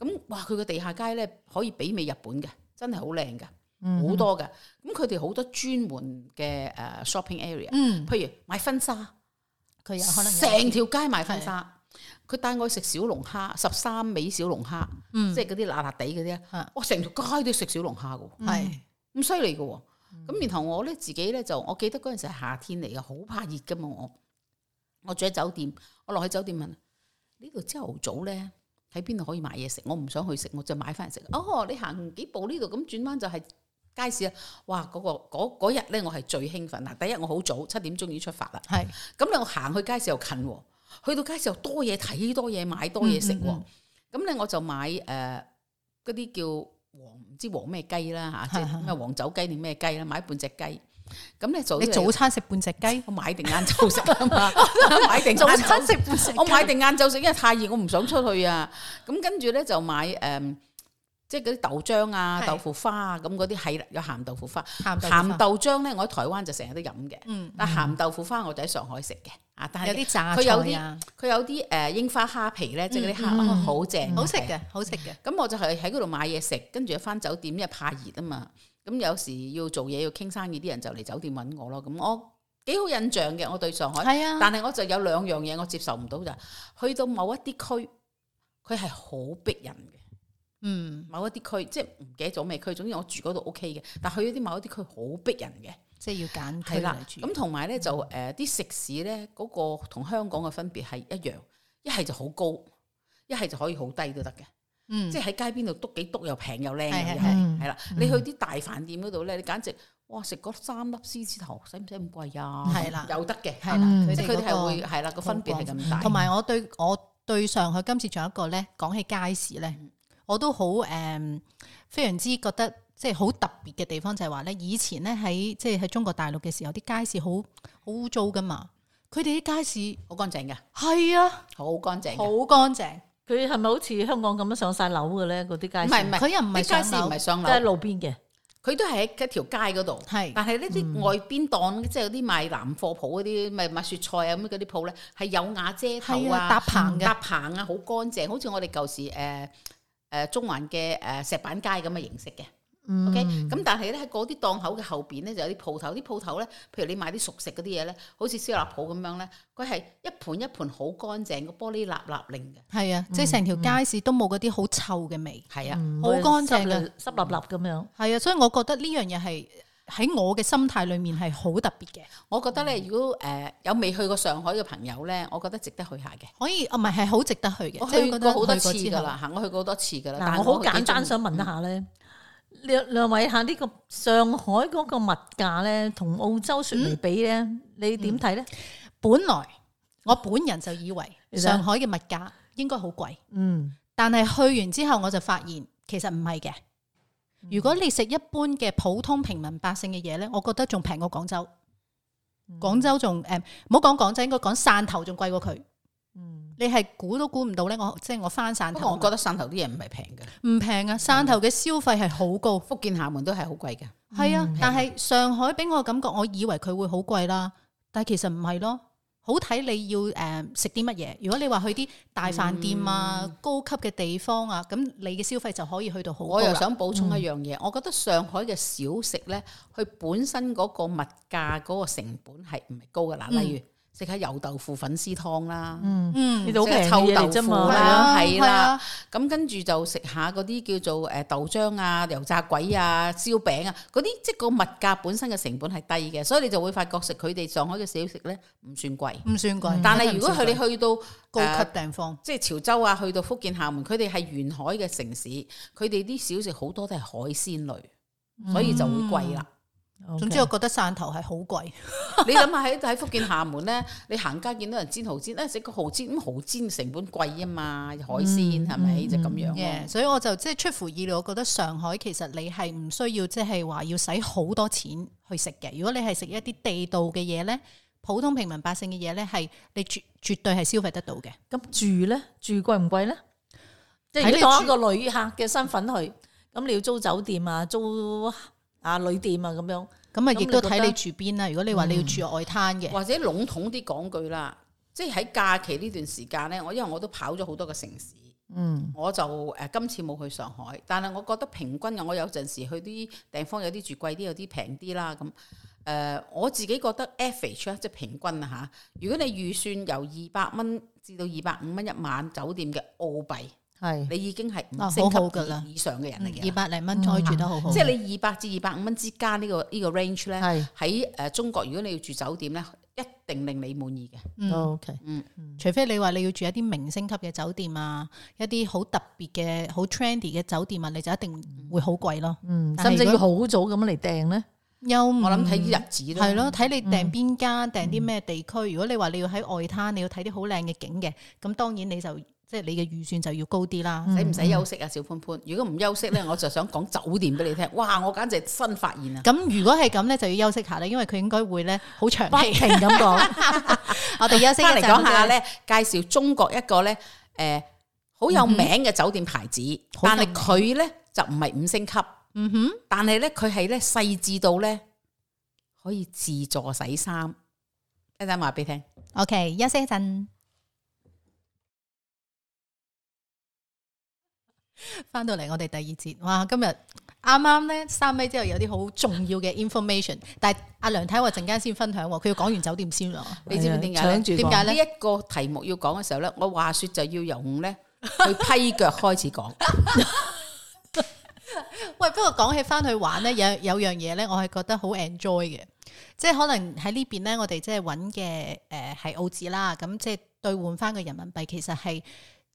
咁哇，佢個地下街咧可以媲美日本嘅，真係好靚噶，好、mm hmm. 多噶。咁佢哋好多專門嘅誒 shopping area，、mm hmm. 譬如買婚紗，佢有可能成條街買婚紗。佢帶的我去食小龍蝦，十三尾小龍蝦，mm hmm. 即係嗰啲辣辣地嗰啲，哇，成條街都食小龍蝦噶，係咁犀利噶。咁、hmm. mm hmm. 然後我咧自己咧就，我記得嗰陣時係夏天嚟嘅，好怕熱噶嘛。我我住喺酒店，我落去酒店問，早上早上呢度朝頭早咧。喺邊度可以買嘢食？我唔想去食，我就買翻嚟食。哦，你行幾步呢度咁轉彎就係街市啊！哇，嗰、嗰個日咧，我係最興奮啦。第一，我好早七點鐘已經出發啦。係咁咧，我行去街市又近，去到街市又多嘢睇，多嘢買，多嘢食。咁咧、嗯嗯嗯，我就買誒嗰啲叫黃唔知黃咩雞啦吓，即係咩黃酒雞定咩雞啦，買半隻雞。咁你早你早餐食半隻雞，我買定晏晝食啊嘛。買定早餐食半隻，我買定晏晝食，因為太熱，我唔想出去啊。咁跟住咧就買誒，即係嗰啲豆漿啊、豆腐花啊，咁嗰啲係有鹹豆腐花、鹹豆漿咧。我喺台灣就成日都飲嘅，但鹹豆腐花我就喺上海食嘅啊。但係有啲炸佢有啲佢有啲誒櫻花蝦皮咧，即係嗰啲蝦好正，好食嘅，好食嘅。咁我就係喺嗰度買嘢食，跟住翻酒店，因為怕熱啊嘛。咁有時要做嘢要傾生意，啲人就嚟酒店揾我咯。咁我，我幾好印象嘅，我對上海，啊、但係我就有兩樣嘢我接受唔到就，去到某一啲區，佢係好逼人嘅。嗯，某一啲區即係唔記得咗咩區，總之我住嗰度 O K 嘅，但去咗啲某一啲區好逼人嘅，即係要揀地理位置。咁同埋呢，就誒啲、呃、食肆呢，嗰、嗰個同香港嘅分別係一樣，一係就好高，一係就可以好低都得嘅。即係喺街邊度篤幾篤又平又靚嘅嘢，係啦。你去啲大飯店嗰度咧，你簡直哇食嗰三粒獅子頭，使唔使咁貴呀？係啦，有得嘅，係啦。佢哋係會，係啦，個分別係咁大。同埋我對我對上海今次仲有一個咧，講起街市咧，我都好誒，非常之覺得即係好特別嘅地方就係話咧，以前咧喺即係喺中國大陸嘅時候，啲街市好好污糟㗎嘛。佢哋啲街市好乾淨嘅，係啊，好乾淨，好乾淨。佢係咪好似香港咁樣上晒樓嘅咧？嗰啲街市，唔係唔係，佢又唔係街市，唔係上樓，即係路邊嘅。佢都係喺一條街嗰度，係是。但係呢啲、嗯、外邊檔，即係嗰啲賣南貨鋪嗰啲，咪賣雪菜啊咁嗰啲鋪咧，係有瓦遮頭啊，啊，搭棚嘅、嗯，搭棚啊，好乾淨，好似我哋舊時誒誒中環嘅誒、呃、石板街咁嘅形式嘅。O K，咁但係咧喺嗰啲檔口嘅後邊咧就有啲鋪頭，啲鋪頭咧，譬如你買啲熟食嗰啲嘢咧，好似燒臘鋪咁樣咧，佢係一盤一盤好乾淨，個玻璃立立令嘅。係啊，嗯、即係成條街市都冇嗰啲好臭嘅味。係啊，好乾淨嘅，濕立立咁樣。係啊，所以我覺得呢樣嘢係喺我嘅心態裏面係好特別嘅。我覺得咧，嗯、如果誒、呃、有未去過上海嘅朋友咧，我覺得值得去下嘅。可以，唔係係好值得去嘅，我去過好多次噶啦，吓我去過好多次噶啦。嗱但，但我好簡單想問一下咧。嗯兩兩位吓呢、呢個上海嗰個物價、嗯、呢，同澳洲相比呢，你點睇呢？本來我本人就以為上海嘅物價應該好貴，嗯，但係去完之後我就發現其實唔係嘅。如果你食一般嘅普通平民百姓嘅嘢呢，我覺得仲平過廣州，廣州仲誒，唔好講廣州，應該講汕頭仲貴過佢。嗯，你係估都估唔到咧，我即係、就是、我翻汕頭，我覺得汕頭啲嘢唔係平嘅，唔平啊！汕頭嘅消費係好高，福建廈門都係好貴嘅，係啊。但係上海俾我感覺，我以為佢會好貴啦，但係其實唔係咯，好睇你要誒食啲乜嘢。如果你話去啲大飯店啊、嗯、高級嘅地方啊，咁你嘅消費就可以去到好。我又想補充一樣嘢，嗯、我覺得上海嘅小食咧，佢本身嗰個物價嗰個成本係唔係高噶？啦，例如。嗯食下油豆腐粉絲湯啦，嗯，呢度好平，臭豆腐啦，係啦，咁跟住就食下嗰啲叫做誒豆漿啊、油炸鬼啊、燒餅啊嗰啲，即個物價本身嘅成本係低嘅，所以你就會發覺食佢哋上海嘅小食咧唔算貴，唔算貴。嗯、但係如果佢哋去到、嗯、高級地方，啊、即係潮州啊，去到福建、廈門，佢哋係沿海嘅城市，佢哋啲小食好多都係海鮮類，所以就會貴啦。嗯總之我覺得汕頭係好貴，你諗下喺喺福建廈門咧，你行街見到人煎蚝煎，咧食個蚝煎咁蚝煎成本貴啊嘛，海鮮係咪就咁樣？嘅，yeah. 所以我就即係出乎意料，我覺得上海其實你係唔需要即係話要使好多錢去食嘅。如果你係食一啲地道嘅嘢咧，普通平民百姓嘅嘢咧，係你絕絕對係消費得到嘅。咁住咧，住貴唔貴咧？即係你一個旅客嘅身份去，咁你要租酒店啊，租。啊旅店啊咁樣，咁啊亦都睇你住邊啦。如果你話你要住外灘嘅、嗯，或者籠統啲講句啦，即係喺假期呢段時間咧，我因為我都跑咗好多個城市，嗯，我就誒、呃、今次冇去上海，但係我覺得平均啊，我有陣時去啲地方有啲住貴啲，有啲平啲啦咁。誒、呃，我自己覺得 average 啊，即係平均啊吓。如果你預算由二百蚊至到二百五蚊一晚酒店嘅澳幣。係，你已經係五星級嘅啦，以上嘅人嚟嘅，二百零蚊可以住得好好。即係、嗯、你二百至二百五蚊之間呢個呢個 range 咧是，喺誒中國，如果你要住酒店咧，一定令你滿意嘅。O K，嗯，okay, 嗯，除非你話你要住一啲明星級嘅酒店啊，一啲好特別嘅、好 trendy 嘅酒店啊，你就一定會好貴咯。嗯，甚至要好早咁嚟訂咧？有不？我諗睇日子，係咯，睇你訂邊間，嗯、訂啲咩地區。如果你話你要喺外灘，你要睇啲好靚嘅景嘅，咁當然你就。即係你嘅預算就要高啲啦，使唔使休息啊？小潘潘，如果唔休息咧，我就想講酒店俾你聽。哇，我簡直新發現啊！咁如果係咁咧，就要休息下咧，因為佢應該會咧好長氣咁講。不停 我哋休息一陣，嚟講下咧，吧介紹中國一個咧，誒，好有名嘅酒店牌子，mm hmm. 但係佢咧就唔係五星級。嗯哼、mm，hmm. 但係咧佢係咧細致到咧可以自助洗衫，一陣話俾你聽。OK，休息一陣。翻到嚟我哋第二節，哇！今日啱啱咧三米之後有啲好重要嘅 information，但係阿梁太話陣間先分享，佢要講完酒店先咯。的你知唔知點解咧？點解咧？呢一個題目要講嘅時候咧，我話說就要用咧 去批腳開始講。喂，不過講起翻去玩咧，有有樣嘢咧，我係覺得好 enjoy 嘅，呃、即係可能喺呢邊咧，我哋即係搵嘅誒，係澳紙啦，咁即係兌換翻個人民幣，其實係。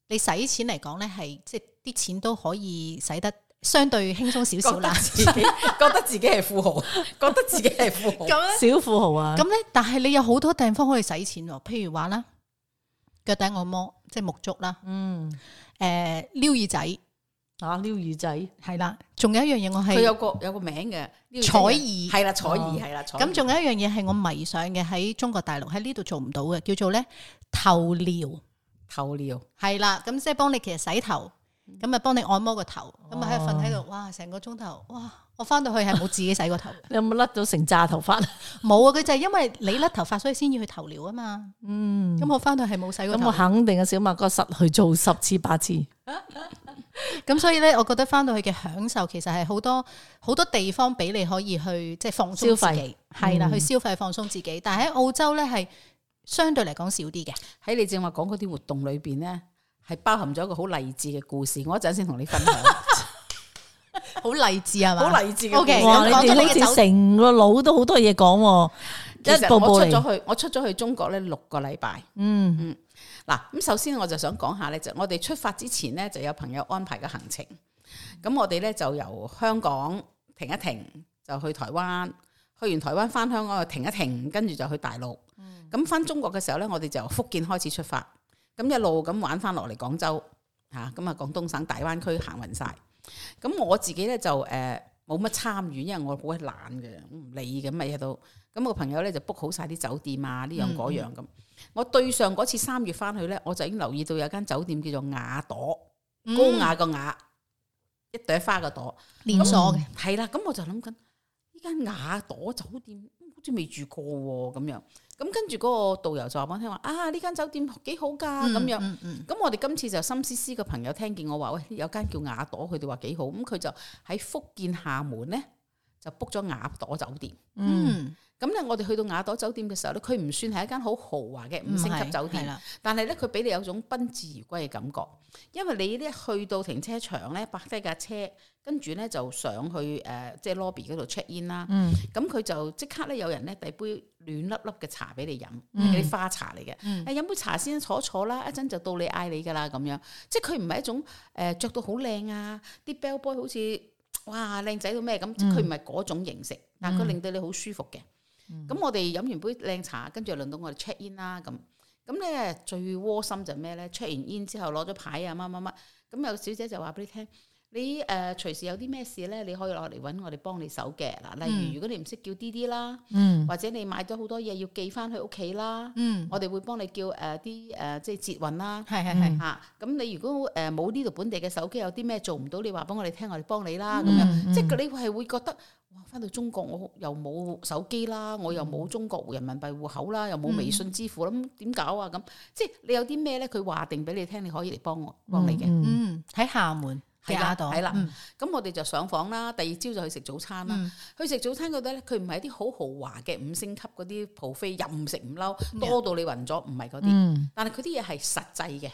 你使錢嚟講咧，係即係啲錢都可以使得相對輕鬆少少啦，自己覺得自己係富豪， 覺得自己係富豪， 那小富豪啊！咁咧，但係你有好多地方可以使錢，譬如話啦，腳底按摩，即係沐足啦，嗯，誒、呃，撩耳仔啊，撩耳仔係啦，仲有一樣嘢，我係佢有個有個名嘅彩兒，係啦，彩兒係啦、哦、彩。咁仲有一樣嘢係我迷上嘅喺中國大陸喺呢度做唔到嘅，叫做咧頭療。頭療係啦，咁即係幫你其實洗頭，咁啊幫你按摩個頭，咁啊喺瞓喺度，哇，成個鐘頭，哇，我翻到去係冇自己洗過頭， 你有冇甩到成紮頭髮？冇啊，佢就係因為你甩頭髮，所以先要去頭療啊嘛。嗯，咁我翻到去係冇洗過頭。我肯定嘅，小馬哥實去做十次八次。咁 所以咧，我覺得翻到去嘅享受，其實係好多好多地方俾你可以去即係、就是、放鬆自己，係啦費、嗯，去消費放鬆自己。但係喺澳洲咧係。相對嚟講少啲嘅，喺你正話講嗰啲活動裏邊咧，係包含咗一個好勵志嘅故事。我一陣先同你分享，好 勵志係咪？好勵志嘅。我話你成個腦都好多嘢講，一步一步我出咗去，我出咗去中國咧六個禮拜。嗯嗯，嗱咁、嗯，首先我就想講下咧，就是、我哋出發之前咧，就有朋友安排嘅行程。咁我哋咧就由香港停一停，就去台灣。去完台灣翻香港就停一停，跟住就去大陸。咁翻、嗯、中國嘅時候咧，我哋就福建開始出發，咁一路咁玩翻落嚟廣州吓，咁啊廣東省大灣區行匀晒。咁我自己咧就誒冇乜參與，因為我好鬼懶嘅，唔理咁喺度。咁、我個朋友咧就 book 好晒啲酒店啊，呢樣嗰、嗯、樣咁。我對上嗰次三月翻去咧，我就已經留意到有間酒店叫做雅朵，嗯、高雅個雅，一朵花個朵，連鎖嘅係啦。咁我就諗緊。間雅朵酒店好似未住過咁樣，咁跟住嗰個導遊就話俾我聽話，啊呢間酒店幾好噶咁、嗯嗯嗯、樣，咁我哋今次就心思思個朋友聽見我話，喂有間叫雅朵，佢哋話幾好，咁、嗯、佢就喺福建廈門咧，就 book 咗雅朵酒店。嗯，咁咧、嗯，我哋去到雅朵酒店嘅時候咧，佢唔算係一間好豪華嘅五星級酒店啦，但係咧，佢俾你有種賓至如歸嘅感覺。因為你咧去到停車場咧，泊低架車，跟住咧就上去誒，即、呃、係、就是、lobby 嗰度 check in 啦。嗯，咁佢、嗯、就即刻咧有人咧遞杯暖粒粒嘅茶俾你飲，啲、嗯、花茶嚟嘅。嗯，誒飲、嗯嗯、杯茶先，坐一坐啦，一陣就到你嗌你噶啦咁樣。即係佢唔係一種誒著到好靚啊，啲、呃、bell boy 好似。哇，靚仔到咩咁？佢唔係嗰種形式，嗯、但佢令到你好舒服嘅。咁、嗯、我哋飲完杯靚茶，跟住又輪到我哋 check in 啦。咁咁咧最窩心就係咩咧？check 完 in 之後攞咗牌啊，乜乜乜。咁有個小姐就話俾你聽。你誒、呃、隨時有啲咩事咧，你可以落嚟揾我哋幫你手嘅嗱。例如，如果你唔識叫滴滴啦，ee, 嗯、或者你買咗好多嘢要寄翻去屋企啦，嗯、我哋會幫你叫誒啲誒即係捷運啦。係係係嚇。咁、嗯啊、你如果誒冇呢度本地嘅手機，有啲咩做唔到你，你話俾我哋聽，我哋幫你啦。咁樣、嗯嗯、即係你係會覺得哇！翻到中國我又冇手機啦，我又冇中國人民幣戶口啦，又冇微信支付，咁點、嗯嗯嗯嗯、搞啊？咁即係你有啲咩咧？佢話定俾你聽，你可以嚟幫我幫你嘅。嗯，喺廈門。係啦，咁、嗯、我哋就上房啦，第二朝就去食早餐啦。嗯、去食早餐嗰度咧，佢唔係一啲好豪華嘅五星級嗰啲 buffet 任食唔嬲，嗯、多到你暈咗，唔係嗰啲。嗯、但係佢啲嘢係實際嘅。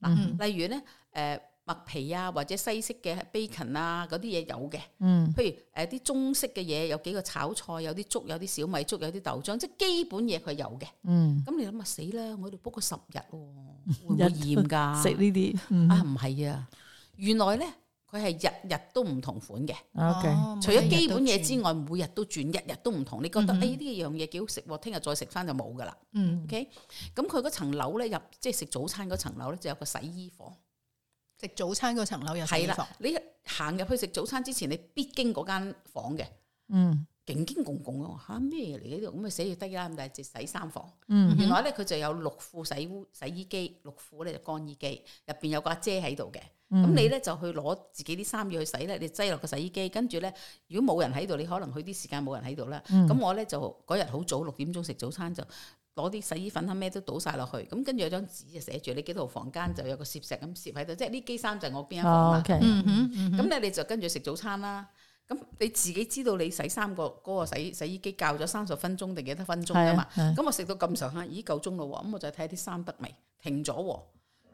嗱、啊、嗯、例如咧，誒、呃、麥皮啊，或者西式嘅 bacon 啊，嗰啲嘢有嘅。嗯、譬如誒啲、呃、中式嘅嘢，有幾個炒菜，有啲粥，有啲小米粥，有啲豆漿，即係基本嘢佢有嘅。嗯，咁你諗下死啦，我哋 book 個十日，會唔會厭噶？食呢啲啊，唔係啊。原來咧，佢係日日都唔同款嘅。哦、除咗基本嘢之外，每日都轉，日日都唔同。你覺得誒呢樣嘢幾好食，聽日再食翻就冇噶啦。嗯，OK。咁佢嗰層樓咧入，即係食早餐嗰層樓咧就有個洗衣房。食早餐嗰層樓又係啦。你行入去食早餐之前，你必經嗰間房嘅。嗯。驚驚恐恐咁，吓咩嚟？呢度咁咪死要低啦！咁就係只洗衫房。嗯、原來咧，佢就有六庫洗洗衣機，六庫咧就乾衣機，入邊有個阿姐喺度嘅。咁、嗯、你咧就去攞自己啲衫要去洗咧，你擠落個洗衣機，跟住咧如果冇人喺度，你可能去啲時間冇人喺度啦。咁、嗯、我咧就嗰日好早六點鐘食早餐就攞啲洗衣粉吖，咩都倒晒落去。咁跟住有張紙就寫住你幾套房間就有個攝石咁攝喺度，即係呢機衫就我邊一個、哦 okay, 嗯哼嗯嗯。咁咧你就跟住食早餐啦。咁你自己知道你洗衫、個嗰個洗洗衣機較咗三十分鐘定幾多分鐘㗎嘛？咁、啊啊、我食到咁上下，咦夠鐘啦喎！咁我就睇啲衫得未，停咗喎、啊。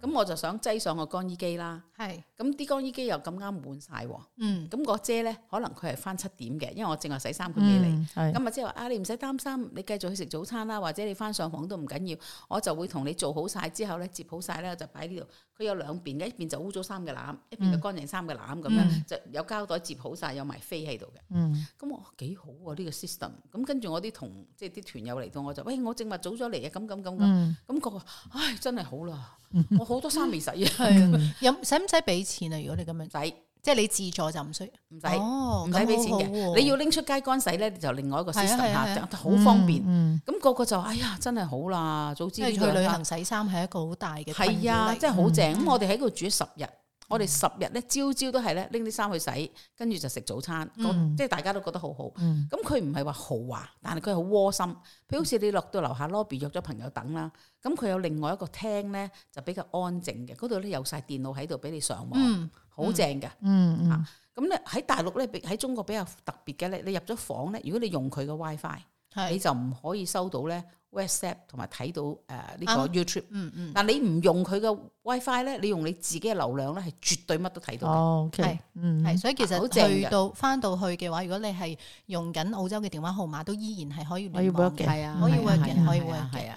咁我就想擠上個乾衣機啦，係是，咁啲乾衣機又咁啱滿晒喎，嗯，咁個姐咧，可能佢係翻七點嘅，因為我淨係洗三個機嚟，咁啊即係話啊，你唔使擔心，你繼續去食早餐啦，或者你翻上房都唔緊要，我就會同你做好晒之後咧，接好曬咧，我就擺喺呢度。佢有兩邊嘅，一邊就污糟衫嘅籃，一邊就乾淨衫嘅籃咁樣，就有膠袋接好晒，有埋飛喺度嘅。嗯，咁我幾好啊呢個 system。咁跟住我啲同即係啲團友嚟到，我就喂我正話早咗嚟啊，咁咁咁咁，咁個唉真係好啦，我好多衫未洗啊，有使唔使俾錢啊？如果你咁樣。即係你自助就唔需唔使唔使俾錢嘅，好，好你要拎出街乾洗咧就另外一個 system、啊、係好、啊啊、方便。咁、嗯、個個就哎呀，真係好啦，早知、就是、去旅行洗衫係一個好大嘅係啊，真係好正。咁、嗯、我哋喺度住十日。我哋十日咧朝朝都係咧拎啲衫去洗，跟住就食早餐。即係、嗯、大家都覺得好好。咁佢唔係話豪華，但係佢好窩心。譬如好似你落到樓下 lobby 約咗朋友等啦，咁佢有另外一個廳咧就比較安靜嘅，嗰度咧有晒電腦喺度俾你上網，好、嗯、正嘅。咁咧喺大陸咧，喺中國比較特別嘅咧，你入咗房咧，如果你用佢嘅 WiFi，你就唔可以收到咧 WhatsApp 同埋睇到誒呢個 YouTube。嗯嗯。但你唔用佢嘅 WiFi 咧，你用你自己嘅流量咧，係絕對乜都睇到 OK。係，所以其實好正。到翻到去嘅話，如果你係用緊澳洲嘅電話號碼，都依然係可以聯網。可以 work，可以 work，可以 work。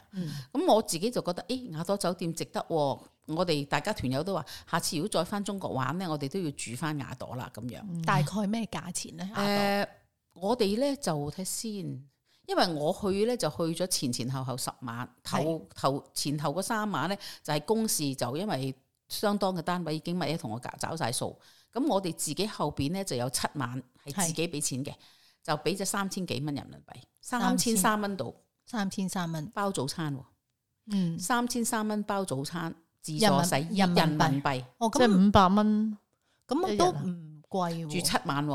咁我自己就覺得，誒雅朵酒店值得喎。我哋大家團友都話，下次如果再翻中國玩咧，我哋都要住翻雅朵啦咁樣。大概咩價錢咧？誒，我哋咧就睇先。因為我去咧就去咗前前後後十晚是的，頭頭前頭嗰三晚咧就係、是、公事，就因為相當嘅單位已經咪同我找晒數，咁我哋自己後邊咧就有七晚係自己俾錢嘅，是的 就俾咗三千幾蚊人民幣，三千三蚊度，三千三蚊包早餐，嗯，三千三蚊包早餐，自助食人民幣、哦，即係五百蚊，咁都唔貴，住七晚。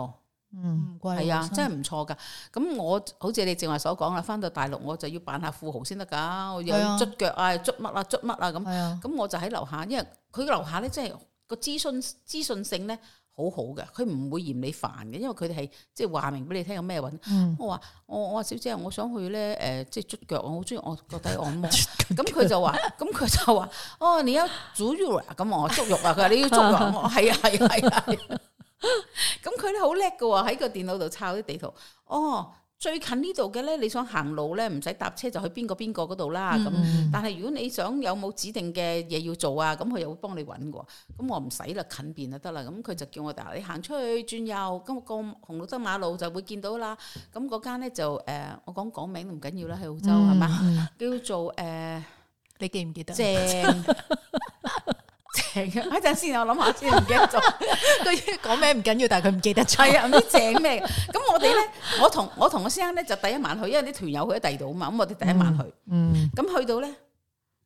嗯，唔貴，係啊，真係唔錯噶。咁我好似你正話所講啦，翻到大陸我就要扮下富豪先得噶，又捽腳啊，捽乜啊，捽乜啊咁。咁、啊、我就喺樓下，因為佢樓下咧，即係個資訊資訊性咧，好好嘅。佢唔會嫌你煩嘅，因為佢哋係即係話明俾你聽有咩揾。嗯、我話我我話小姐，我想去咧，誒、呃，即係捽腳，我好中意，我腳底按摩。咁佢就話，咁、嗯、佢就話，哦，你要煮浴啊，咁我足浴啊，佢話你要足浴，係啊， 係 啊，係聽啊。聽聽聽聽咁佢咧好叻嘅喎，喺個電腦度抄啲地圖。哦，最近呢度嘅咧，你想行路咧，唔使搭車就去邊個邊個嗰度啦。咁、嗯，但係如果你想有冇指定嘅嘢要做啊，咁佢又會幫你搵嘅。咁我唔使啦，近便就得啦。咁佢就叫我，嗱，你行出去轉右，咁我過紅綠燈馬路就會見到啦。咁嗰間咧就誒、呃，我講講名唔緊要啦，喺澳洲係嘛，叫做誒，呃、你記唔記得？正。 請啊！ 等陣先，我諗下先，唔記得咗佢講咩唔緊要，但係佢唔記得吹啊！唔知整咩？咁我哋咧，我同我同個先生咧就第一晚去，因為啲團友去咗第二度啊嘛。咁我哋第一晚去，咁、嗯嗯、去到咧，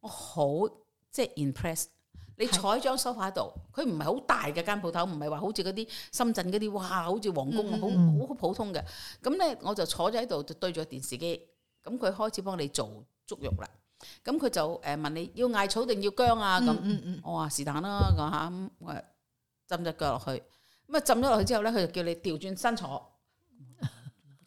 我好即係 impress。你坐喺張梳化度，佢唔係好大嘅間鋪頭，唔係話好似嗰啲深圳嗰啲哇，好似皇宮咁，好好、嗯、普通嘅。咁咧，我就坐咗喺度，就對住個電視機。咁佢開始幫你做足浴啦。咁佢就誒問你要艾草定要薑啊咁，我話是但啦，講、嗯嗯嗯哦、下咁誒浸隻腳落去，咁啊浸咗落去之後咧，佢就叫你調轉身坐，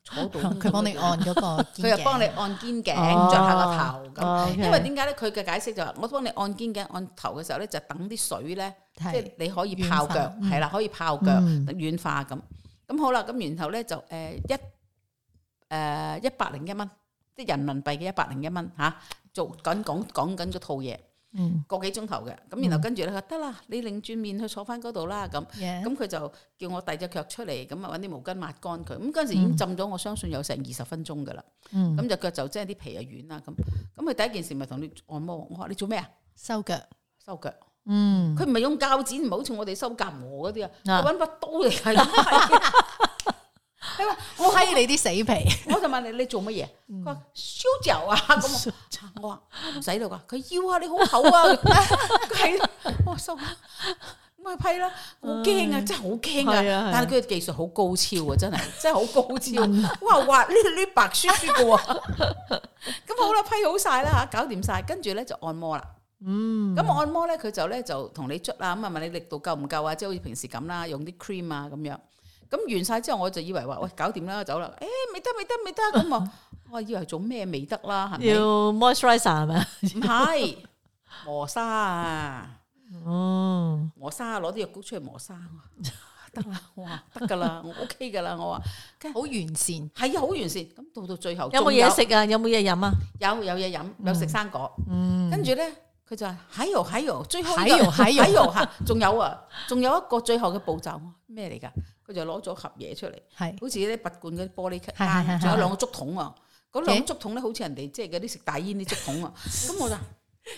坐到佢幫你按咗個，佢又幫你按肩頸，捽、哦、下個頭咁。哦 okay。因為點解咧？佢嘅解釋就話、是，我幫你按肩頸、按頭嘅時候咧，就等啲水咧，即係是你可以泡腳，係化啦，可以泡腳軟、嗯、化咁。咁好啦，咁然後咧就誒一誒一百零一蚊。即係人民幣嘅一百零一蚊嚇，做緊講講，講講緊個套嘢，個、嗯、幾鐘頭嘅。咁然後跟住咧，得啦、嗯，你擰轉面去坐翻嗰度啦。咁咁佢就叫我遞隻腳出嚟，咁啊揾啲毛巾抹乾佢。咁嗰陣時已經浸咗，我相信有成二十分鐘噶啦。咁、嗯、就腳就即係啲皮啊軟啦。咁咁佢第一件事咪同你按摩。我話你做咩啊？修腳，修腳。嗯，佢唔係用鉸剪，唔係好似我哋修甲磨嗰啲啊。佢揾把刀嚟係。佢我閪你啲死皮，我就問你，你做乜嘢？佢話修腳啊，咁 我話唔使到噶，佢要啊，你好厚啊，佢 係我話咁咪批啦，好驚啊，唉真係好驚啊，啊啊但係佢嘅技術好高超啊，真係真係好高超，嗯、哇哇滑滑白雪雪嘅，咁 好啦，批好晒啦吓，搞掂晒，跟住咧就按摩啦，嗯，咁按摩咧佢就咧就同你捽啊，咁啊問你力度夠唔夠啊，即係好似平時咁啦，用啲 cream 啊咁樣。咁完晒之後，我就以為話喂搞掂啦，走啦。誒、欸，未得未得未得，咁我 我以為做咩未得啦？要 moisturiser 係咪？唔係磨砂啊，哦磨砂啊，攞啲藥膏出嚟磨砂，啊！得啦。我話得噶啦，我 OK 噶啦。我話好完善，係啊，好完善。咁到 到最後有冇嘢食啊？有冇嘢飲啊？有有嘢飲，有食生果。嗯，跟住咧。佢就話喺度喺度，hi yo, hi yo, 最後喺度喺度吓，仲有啊，仲有一個最後嘅步驟咩嚟噶？佢就攞咗盒嘢出嚟，係是好似啲拔罐嗰啲玻璃，仲的有兩個竹筒啊，嗰兩的個竹筒咧，好似人哋即係嗰啲食大煙啲竹筒啊，咁 我就，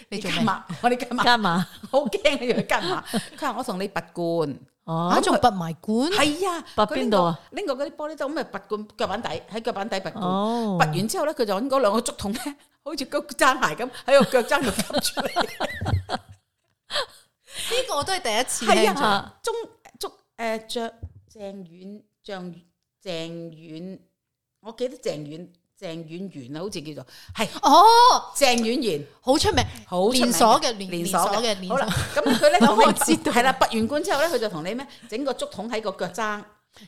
你做咩？我哋加嘛，好驚你又加嘛，佢話我同你拔罐。吓，仲、哦嗯、拔埋罐？係啊，拔邊度啊？拎過嗰啲玻璃樽咁，咪拔罐腳板底，喺腳板底拔罐。哦、拔完之後咧，佢就搵嗰兩個竹筒咧，好似腳踭鞋咁，喺個腳踭度踭出嚟。呢 個我都係第一次。係啊，趣啊中竹誒，張鄭遠，張鄭遠，我記得鄭遠。鄭婉媛啊，好似叫做係哦，鄭婉媛好出名，好連鎖嘅連連鎖嘅連鎖。好啦，咁佢咧同你係啦，拔完罐之後咧，佢就同你咩，整個竹筒喺個腳踭，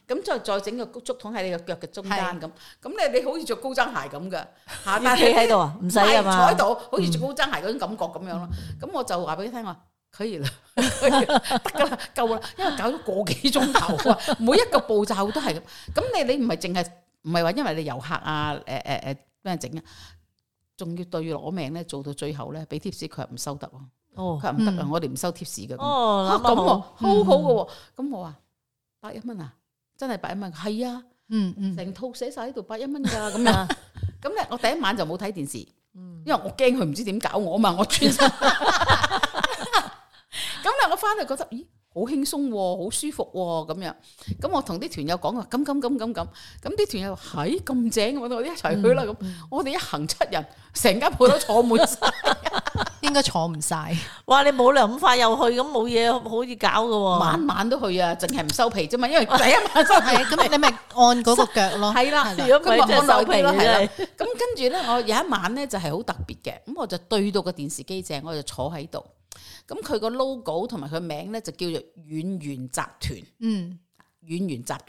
咁就再整個竹筒喺你個腳嘅中間咁。咁咧你好似着高踭鞋咁噶，下邊企喺度啊，唔使啊嘛，坐喺度好似着高踭鞋嗰種感覺咁樣咯。咁我就話俾你聽話，可以啦，得噶啦，夠啦，因為搞咗個幾鐘頭啊，每一個步驟都係咁。咁你你唔係淨係。唔係話因為你遊客啊，誒誒誒，俾整啊，仲、呃、要對攞命咧，做到最後咧，俾貼士佢又唔收得哦，佢又唔得啊，我哋唔收貼士嘅。哦、嗯，咁，好好嘅、啊，咁我話八一蚊啊，真係八一蚊，係啊，嗯嗯，成、嗯、套寫晒喺度八一蚊噶，咁樣，咁咧 我第一晚就冇睇電視，因為我驚佢唔知點搞我啊嘛，我專心。 咁咧我翻嚟覺得咦？好輕鬆，好舒服咁樣。咁我同啲團友講啊，咁咁咁咁咁。咁啲團友喺咁正，我哋一齊去啦咁。我哋一行七人，成間鋪都坐滿晒，應該坐唔晒。哇！你冇糧咁快又去，咁冇嘢可以搞噶。晚晚都去啊，淨係唔收皮啫嘛。因為第一晚收皮咁，你咪按嗰個腳咯。係啦，咁咪按收皮咯。係啦。咁跟住咧，我有一晚咧就係好特別嘅。咁我就對到個電視機正，我就坐喺度。咁佢個 logo 同埋佢名咧就叫做遠遠集團，嗯，遠遠集團。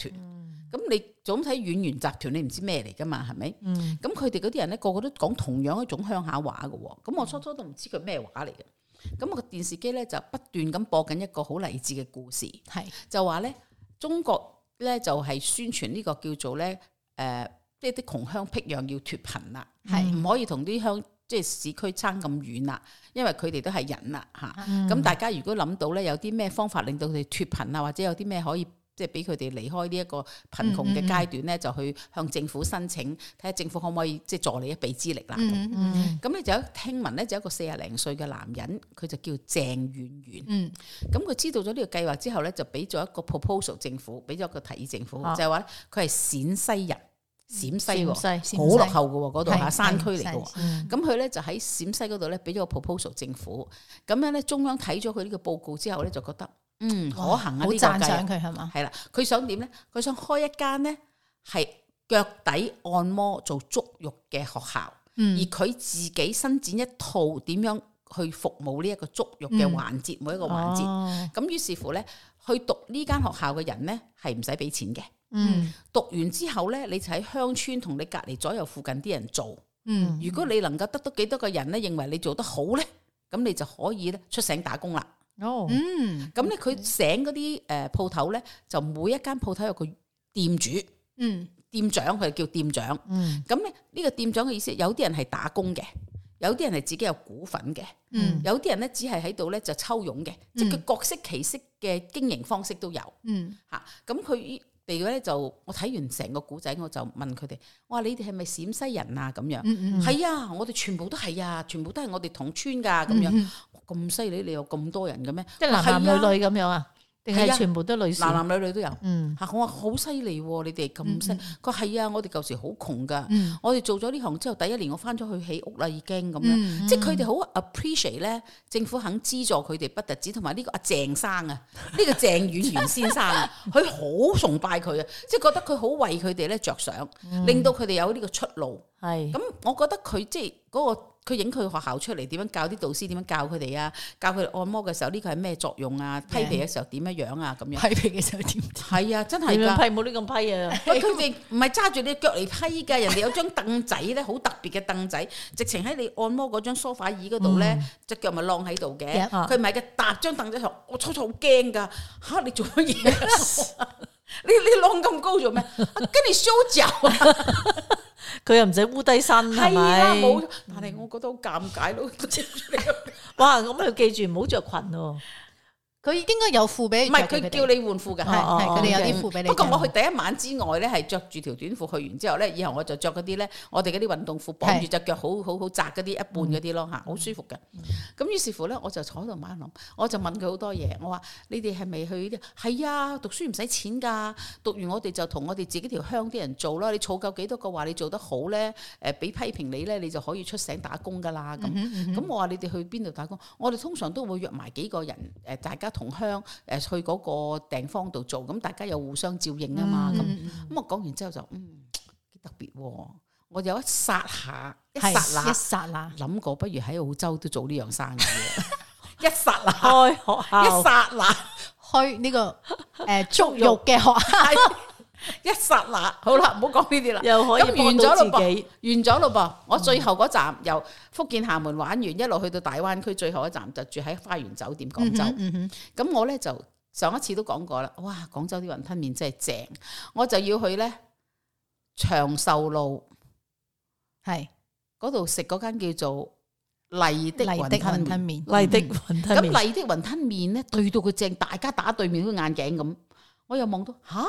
咁、嗯、你總體遠遠集團你唔知咩嚟噶嘛，係咪？咁佢哋嗰啲人咧個個都講同樣一種鄉下話噶，咁我初初都唔知佢咩話嚟嘅。咁我個電視機咧就不斷咁播緊一個好勵志嘅故事，係是就話咧中國咧就係、是、宣傳呢個叫做咧誒，即係啲窮鄉僻壤要脫貧啦，係唔是是可以同啲鄉。即係市區差咁遠啦，因為佢哋都係人啦嚇。咁、嗯、大家如果諗到咧，有啲咩方法令到佢哋脫貧啊，或者有啲咩可以即係俾佢哋離開呢一個貧窮嘅階段咧，嗯嗯就去向政府申請，睇下政府可唔可以即係助你一臂之力啦。咁咧、嗯嗯、就有聽聞咧就有一個四十零歲嘅男人，佢就叫鄭遠遠。咁佢、嗯、知道咗呢個計劃之後咧，就俾咗一個 proposal 政府，俾咗個提議政府，哦、就係話佢係陝西人。陝西，西，西好落後嘅嗰度吓，的山區嚟嘅。咁佢咧就喺陝西嗰度咧，俾咗個 proposal 政府。咁樣咧，中央睇咗佢呢個報告之後咧，就覺得嗯可行啊。好讚賞佢係嘛？係啦，佢想點咧？佢想開一間咧係腳底按摩做足浴嘅學校，嗯、而佢自己伸展一套點樣去服務呢一個足浴嘅環節，嗯、每一個環節。咁於、哦、是乎咧，去讀呢間學校嘅人咧係唔使俾錢嘅。嗯，讀完之後咧，你就喺鄉村同你隔籬左右附近啲人做。嗯，如果你能夠得到幾多個人咧，認為你做得好咧，咁你就可以咧出省打工啦。哦，嗯，咁咧佢醒嗰啲誒鋪頭咧，就每一間鋪頭有個店主，嗯，店長佢就叫店長，店長嗯，咁咧呢個店長嘅意思，有啲人係打工嘅，有啲人係自己有股份嘅，嗯，有啲人咧只係喺度咧就抽佣嘅，嗯、即佢各式其式嘅經營方式都有，嗯，吓、嗯，咁佢。如果咧就，我睇完成個古仔，我就問佢哋，哇，你哋係咪陝西人啊？咁樣，係、嗯嗯、啊，我哋全部都係啊，全部都係我哋同村噶、啊，咁、嗯嗯、樣，咁犀利，你有咁多人嘅咩？即係男男女女咁樣啊？定係全部都女士，男男女女都有。吓、嗯、我話好犀利，你哋咁犀。佢係、嗯、啊，我哋舊時好窮噶。嗯、我哋做咗呢行之後，第一年我翻咗去起屋啦，已經咁樣。嗯、即係佢哋好 appreciate 咧，政府肯資助佢哋不特止，同埋呢個阿鄭生啊，呢個鄭演員先生啊，佢好 崇拜佢啊，即係覺得佢好為佢哋咧着想，令到佢哋有呢個出路。嗯係，咁是我覺得佢即係嗰個佢影佢學校出嚟點樣教啲導師點樣教佢哋啊？教佢按摩嘅時候呢個係咩作用啊？批皮嘅時候點樣樣啊？咁樣批皮嘅時候點、啊？係啊，啊，真係噶，批冇呢咁批啊！佢哋唔係揸住你腳嚟批㗎，人哋有張凳仔咧，好特別嘅凳仔，直情喺你按摩嗰張梳化 s o、嗯嗯、椅嗰度咧，隻腳咪晾喺度嘅。佢咪嘅搭張凳仔頭，我初初，初好驚㗎，嚇、啊、你做乜嘢？ yes. 你你浪咁高做咩、 啊？跟住騷腳，佢又唔使烏低身。係啊，冇、 啊。但係我覺得好尷尬咯，接住你咁。 哇！咁要記住唔好着裙咯。佢應該有褲俾，唔係佢叫你換褲嘅，係佢哋有啲褲俾你、嗯。不過我去第一晚之外咧，係着住條短褲去完之後咧，以後我就着嗰啲咧，我哋嗰啲運動褲，綁住隻腳，好好好窄嗰啲，一半嗰啲咯吓，好、嗯、舒服嘅。咁、嗯、於是乎咧，我就坐喺度買諗，我就問佢好多嘢。我話：你哋係咪去？係啊，讀書唔使錢㗎，讀完我哋就同我哋自己條鄉啲人做啦。你儲夠幾多個話你做得好咧？誒、呃，俾批評你咧，你就可以出省打工㗎啦。咁咁我話你哋去邊度打工？我哋通常都會約埋幾個人，誒、呃，大家。同鄉誒、呃、去嗰個地方度做，咁大家又互相照應啊嘛。咁咁我講完之後就，嗯，幾特別。我有一剎下，是一剎啦，一剎啦，諗過不如喺澳洲都做呢樣生意。 一剎啦辣，開學校，一剎啦，開呢、這個誒足浴嘅學校。肉 一刹那，好啦，唔好講呢啲啦。又可以博到自己，完咗咯噃，完咗咯噃。我最後嗰站由福建廈門玩完，一路去到大灣區，最後一站就住喺花園酒店廣州。咁我咧就上一次都講過啦。哇，廣州啲雲吞麵真係正，我就要去咧長壽路，係嗰度食嗰間叫做麗的雲吞麵。麗的雲吞麵，咁麗的雲吞麵咧，對到佢正，大家打對面嗰眼鏡咁，我又望到吓。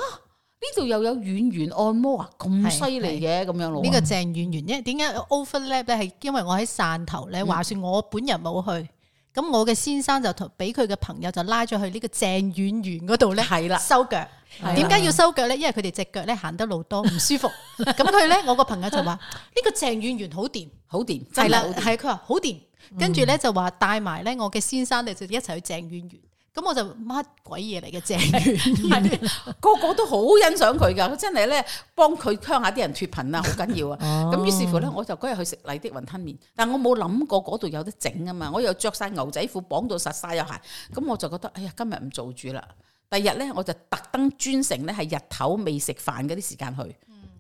呢度又有軟圓按摩啊，咁犀利嘅。咁樣個鄭緣緣呢個鄭軟圓，因為點解 overlap 咧？係因為我喺汕頭咧，話說我本人冇去，咁、嗯、我嘅先生就同俾佢嘅朋友就拉咗去呢個鄭軟圓嗰度咧。係啦，收腳。點解要收腳咧？因為佢哋隻腳咧行得路多，唔舒服。咁佢咧，我個朋友就話呢 個鄭軟圓好掂，好掂，係啦，係佢話好掂。跟住咧就話帶埋咧我嘅先生，哋就一齊去鄭軟圓。咁我就乜鬼嘢嚟嘅啫？源， 的 個個都好欣賞佢噶佢 真係咧幫佢鄉下啲人脫貧啦，好緊要啊！咁於 是乎咧，我就嗰日去食麗的雲吞麵，但我冇諗過嗰度有得整啊嘛，我又着晒牛仔褲，綁到實晒又鞋，咁我就覺得哎呀，今日唔做主啦。第二日咧，我就特登專程咧係日頭未食飯嗰啲時間去，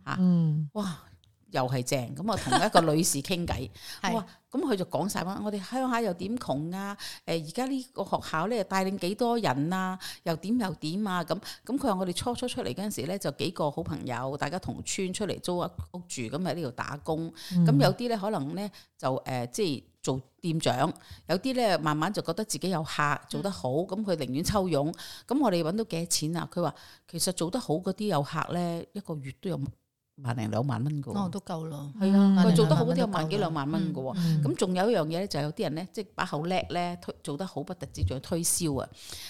吓、啊，嗯、哇！又係正咁啊！同一個女士傾偈， 我話：咁佢就講晒啦。 我哋鄉下又點窮啊？誒、呃，而家呢個學校咧，帶領幾多人啊？又點又點啊？咁咁佢話：我哋初初出嚟嗰陣時咧，就幾個好朋友，大家同村出嚟租一屋住，咁喺呢度打工。咁、嗯、有啲咧，可能咧就誒，即、呃、係、就是、做店長；有啲咧，慢慢就覺得自己有客做得好，咁佢、嗯、寧願抽傭。咁我哋揾到幾多錢啊？佢話其實做得好嗰啲有客咧，一個月都有，萬零兩萬蚊嘅，都夠咯。係啊的，佢、嗯、做得好啲，有萬幾兩萬蚊嘅喎。咁仲、嗯、有一樣嘢咧，就是、有啲人咧，即、就、係、是、把口叻咧，推做得好不特止仲要推銷啊。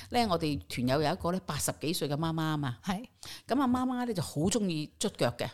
咧，我哋團友有一個咧，八十幾歲嘅媽媽啊嘛。係的。咁啊，媽媽咧就好中意捽腳嘅，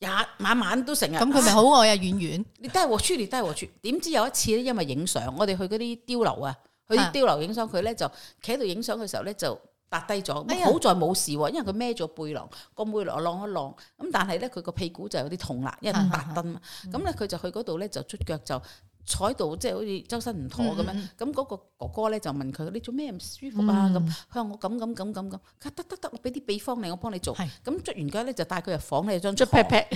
日晚晚都成日。咁佢咪好愛啊軟軟，你低和處，你低和處。點知有一次咧，因為影相，我哋去嗰啲碉樓啊，去啲碉樓影相，佢咧就企喺度影相嘅時候咧就。跌低咗，好在冇事喎，因為佢孭咗背囊，個背囊晾一晾，咁但係咧佢個屁股就有啲痛啦，因為跌跌崩嘛，咁咧佢就去嗰度咧就捽腳就坐喺度，即係好似周身唔妥咁樣，咁嗰個哥哥咧就問佢：你做咩唔舒服啊？咁佢話我咁咁咁咁咁，得得得，我俾啲秘方你，我幫你做，咁捽完腳咧就帶佢入房咧想捽 pat pat，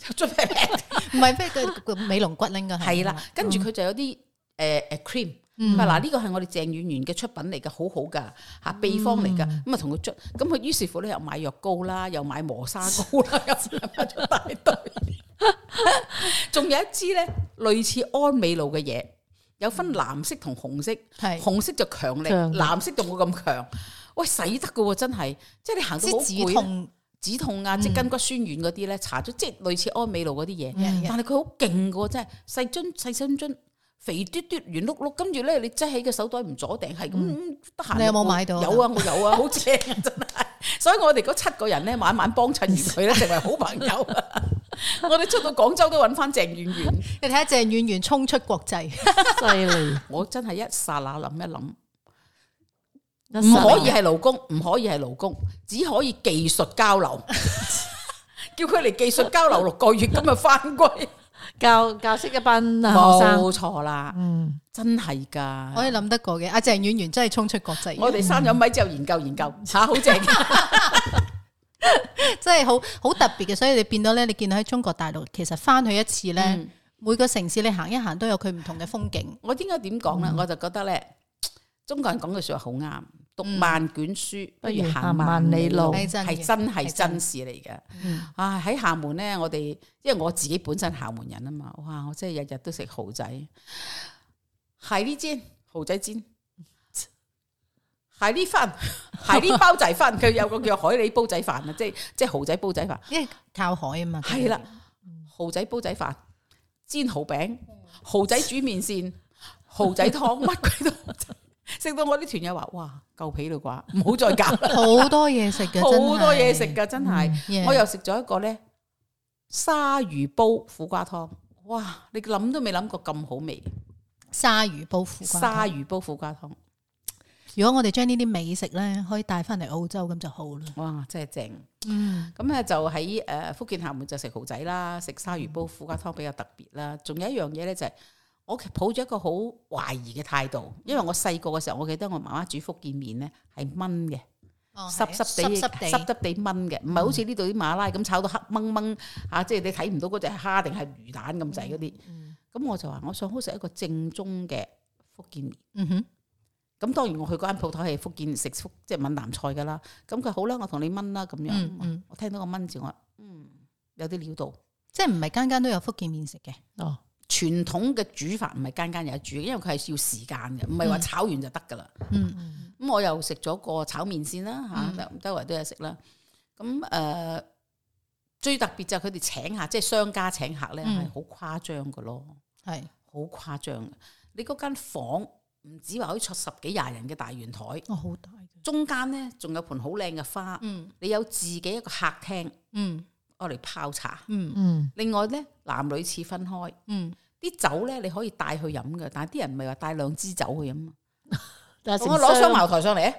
捽 pat pat，唔係 pat 佢個尾龍骨拎㗎，係啦，跟住佢就有啲誒誒 cream。嗱、嗯，呢個係我哋鄭遠源嘅出品嚟嘅，好好噶嚇，秘方嚟噶。咁啊，同佢捽，咁佢於是乎咧又買藥膏啦，又買磨砂膏啦，又買咗大堆。仲 有一支咧，類似安美露嘅嘢，有分藍色同紅色，紅色就強力，強力藍色就冇咁強。喂，使得噶喎，真係，即係你行到好攰，止痛啊，即筋骨酸軟嗰啲咧，搽咗即係類似安美露嗰啲嘢，但係佢好勁噶喎，真係細樽細細樽。肥嘟嘟圓碌碌，跟住咧你擠起個手袋唔阻埞，係咁得閒。有，你有冇買到？有啊，我有啊，好正 真係。所以我哋嗰七個人咧，晚晚幫襯完佢咧，成為好朋友。 我哋出到廣州都揾翻鄭婉圓，你睇下鄭婉圓衝出國際，犀利！我真係一剎那諗一諗，唔 可以係勞工，唔可以係勞工，只可以技術交流。 叫佢嚟技術交流六個月，咁就翻歸。 教教識一班學、啊、生，冇錯啦，嗯、真係噶，我係諗得過嘅。阿鄭演員真係衝出國際，我哋生咗米之後研究研究，炒好正，真係好好特別嘅。所以你變到咧，你見到喺中國大陸，其實翻去一次咧，嗯、每個城市你行一行都有佢唔同嘅風景。我應該點講咧？嗯、我就覺得咧，中國人講嘅說話好啱。讀萬卷書不如行萬里路，係真係真事嚟噶。啊，喺廈門咧，我哋因為我自己本身廈門人啊嘛，哇！我真係日日都食蚝仔，海蠣煎、蚝仔煎、海蠣飯、海蠣包仔飯，佢 有個叫海蠣煲仔飯啊，即係即係蚝仔煲仔飯，因為靠海啊嘛。係啦，蚝仔煲仔飯、煎蚝餅、蚝仔煮麵線、蚝仔湯，乜鬼都～ 食到我啲團友話，哇，夠皮嘞啩，唔好再夾啦！好多嘢食嘅，好多嘢食嘅，真係，真係，嗯 yeah. 我又食咗一個咧，鯊魚煲苦瓜湯，哇！你諗都未諗過咁好味，鯊魚煲苦，鯊魚煲苦瓜湯。如果我哋將呢啲美食咧，可以帶翻嚟澳洲咁就好啦。哇，真係正，嗯，咁咧就喺誒福建廈門就食蚝仔啦，食鯊魚煲苦瓜湯、嗯、比較特別啦。仲有一樣嘢咧就係。我抱住一個好懷疑嘅態度，因為我細個嘅時候，我記得我媽媽煮福建麵咧係炆嘅，濕濕地濕濕地炆嘅，唔係好似呢度啲馬拉咁炒到黑掹掹，啊，即係你睇唔到嗰隻係蝦定係魚蛋咁滯嗰啲。咁、嗯嗯、我就話我想好食一個正宗嘅福建麵。咁、嗯、哼當然我去嗰間鋪頭係福建食福即係閩南菜噶啦。咁佢、嗯、哼好啦，我同你炆啦咁樣。嗯、我聽到個炆字，我、嗯、有啲料到，嗯、即係唔係間間都有福建麵食嘅。哦傳統嘅煮法唔係間間有煮，因為佢係要時間嘅，唔係話炒完就得噶啦。嗯，咁我又食咗個炒麵線啦，嚇，周圍都有食啦。咁誒，最特別就係佢哋請客，即係商家請客咧，係好誇張嘅咯，係好誇張。你嗰間房唔止話可以坐十幾廿人嘅大圓台，好大，中間咧仲有盆好靚嘅花。嗯，你有自己一個客廳，嗯，愛嚟泡茶，嗯嗯。另外咧，男女廁分開，嗯。啲酒咧，你可以帶去飲噶，但係啲人唔係話帶兩支酒去飲嘛。 我攞箱茅台上嚟，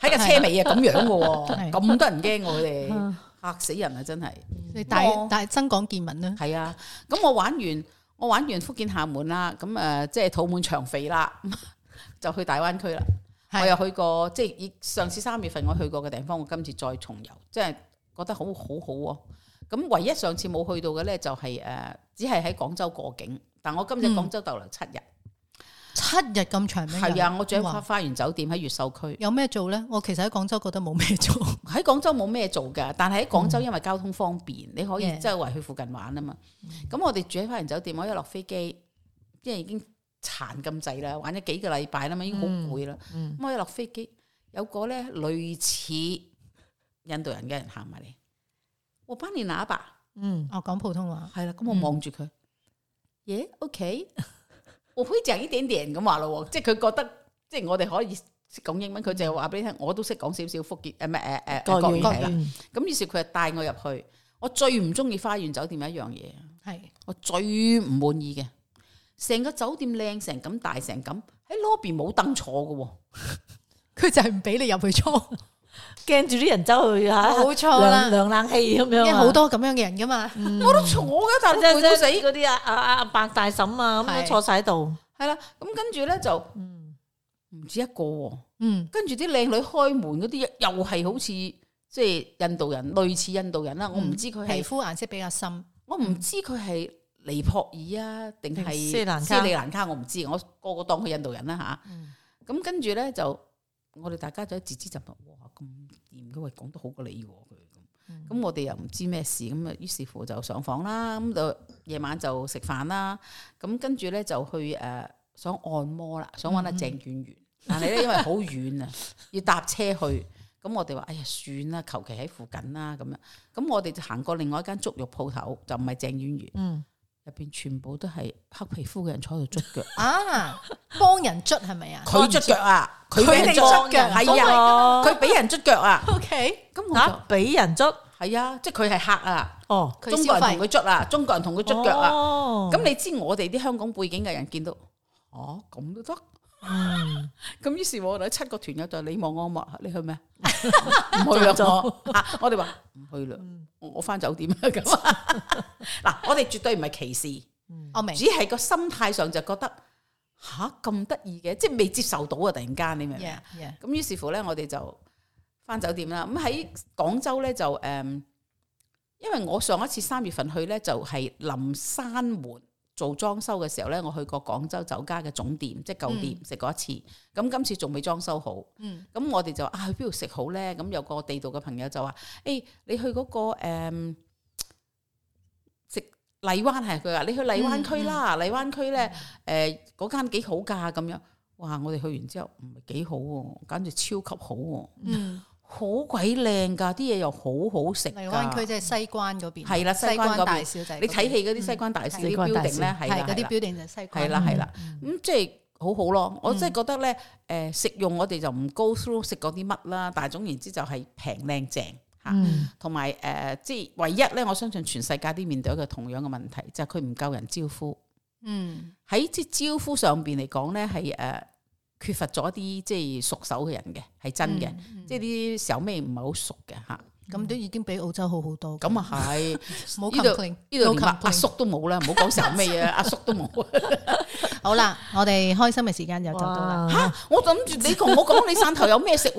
喺架車尾 啊，咁樣噶，咁多人驚我哋，吓死人啊！真係。你帶帶增廣見聞啦。係啊，咁我玩完，我玩完福建廈門啦，咁誒、呃，即係肚滿腸肥啦，就去大灣區啦。是的 我又去過，即係以上次三月份我去過嘅地方，我今次再重遊，真係覺得好好好喎。咁唯一上次冇去到嘅咧，就係、是、誒，只係喺廣州過境。但我今日廣州逗留七日。嗯，七日咁長咩？係啊，我住喺花花園酒店喺哇越秀區。有咩做咧？我其實喺廣州覺得冇咩做，喺廣 州冇咩做噶。但係喺廣州因為交通方便，嗯、你可以周圍去附近玩啊嘛。咁、嗯、我哋住喺花園酒店，我一落飛機，即係已經殘咁滯啦，玩咗幾個禮拜啦嘛，已經好攰啦。咁、嗯嗯、我一落飛機，有個咧類似印度人嘅人行埋嚟，我幫你拿吧。嗯，我講普通話係啦，咁我望住佢。嗯耶 Yeah？OK， 我可以講一點點咁話咯，即係佢覺得，即係我哋可以講英文，佢淨係話俾你聽，我都識講少少福建。誒咩誒誒各國語言啦。咁於是佢就帶我入去，我最唔中意花園酒店一樣嘢，係的我最唔滿意嘅，成個酒店靚成咁大成咁，喺 lobby 冇凳坐嘅，佢 就係唔俾你入去坐。 驚住啲人走去吓，冇錯啦，涼涼冷氣咁樣，因為好多咁樣嘅人噶嘛，我都坐噶，但係攰到死嗰啲阿阿阿伯大嬸啊，咁樣坐晒喺度，係啦，咁跟住咧就唔止一個，嗯，跟住啲靚女開門嗰啲又係好似即係印度人，類似印度人啦，我唔知佢皮膚顏色比較深，我唔知佢係尼泊爾啊，定係斯里蘭卡，我唔知，我個個當佢印度人啦吓，咁跟住咧就。我哋大家就自知自悟，哇咁掂佢喂，講得好過你喎佢。咁、嗯，咁我哋又唔知咩事，咁啊，於是乎就上房啦。咁就夜晚就食飯啦。咁跟住咧就去誒、呃、想按摩啦，想揾阿鄭婉源。嗯、但係咧因為好遠啊， 要搭車去。咁我哋話：哎呀，算啦，求其喺附近啦。咁樣。咁我哋就行過另外一間足浴鋪頭，就唔係鄭婉源。嗯。入邊全部都係黑皮膚嘅人坐度捽腳啊，幫人捽係咪啊？佢捽腳啊，佢俾人捽腳係啊，佢俾人捽腳啊。OK，咁吓俾人捽係啊，即係佢係客啊。哦，中國人同佢捽啊，中國人同佢捽腳啊。咁你知我哋啲香港背景嘅人見到，哦咁都得。嗯，咁於是我就七個團友就你望我望，你去咩？唔 去約咗、 啊。我哋話唔去啦、嗯，我我翻酒店啊咁 啊。嗱，我哋絕對唔係歧視，我明、嗯。只係個心態上就覺得吓咁得意嘅，即係未接受到啊！突然間你明唔明？咁於 Yeah, yeah. 是乎咧，我哋就翻酒店啦。咁喺廣州咧就誒、嗯，因為我上一次三月份去咧就係林山門。做裝修嘅時候咧，我去過廣州酒家嘅總店，即係舊店食過一次。咁今次仲未裝修好，咁、嗯、我哋就啊去邊度食好咧？咁有個地道嘅朋友就話：誒、欸，你去嗰、嗰個誒、嗯、食荔灣，係佢話，你去荔灣區啦，荔、嗯嗯、灣區咧誒，嗰間幾好㗎咁樣。哇！我哋去完之後唔係幾好喎，簡直超級好喎。嗯好鬼靚噶，啲嘢又好好食。荔灣區即係西關嗰邊。係啦，西關嗰邊。你睇戲嗰啲西關大少仔，西關大少仔。係嗰啲標頂就係西關。係啦係啦，咁即係好好咯。我真係覺得咧，誒，食用我哋就唔 go through 食嗰啲乜啦，嗯、但係總言之就係平靚正吓。同埋誒，即係、呃、唯一咧，我相信全世界啲面對一個同樣嘅問題，就係佢唔夠人招呼。嗯，喺即係招呼上邊嚟講咧，係誒。呃缺乏咗啲即係熟手嘅人嘅，係真嘅，即係啲時候咩唔係好熟嘅吓。咁都已經比澳洲好好多。咁啊係，冇度呢度阿叔都冇啦，唔好講時候咩嘢，阿叔都冇。好啦，我哋開心嘅時間又就到啦。吓，我諗住你同我講你汕頭有咩食，即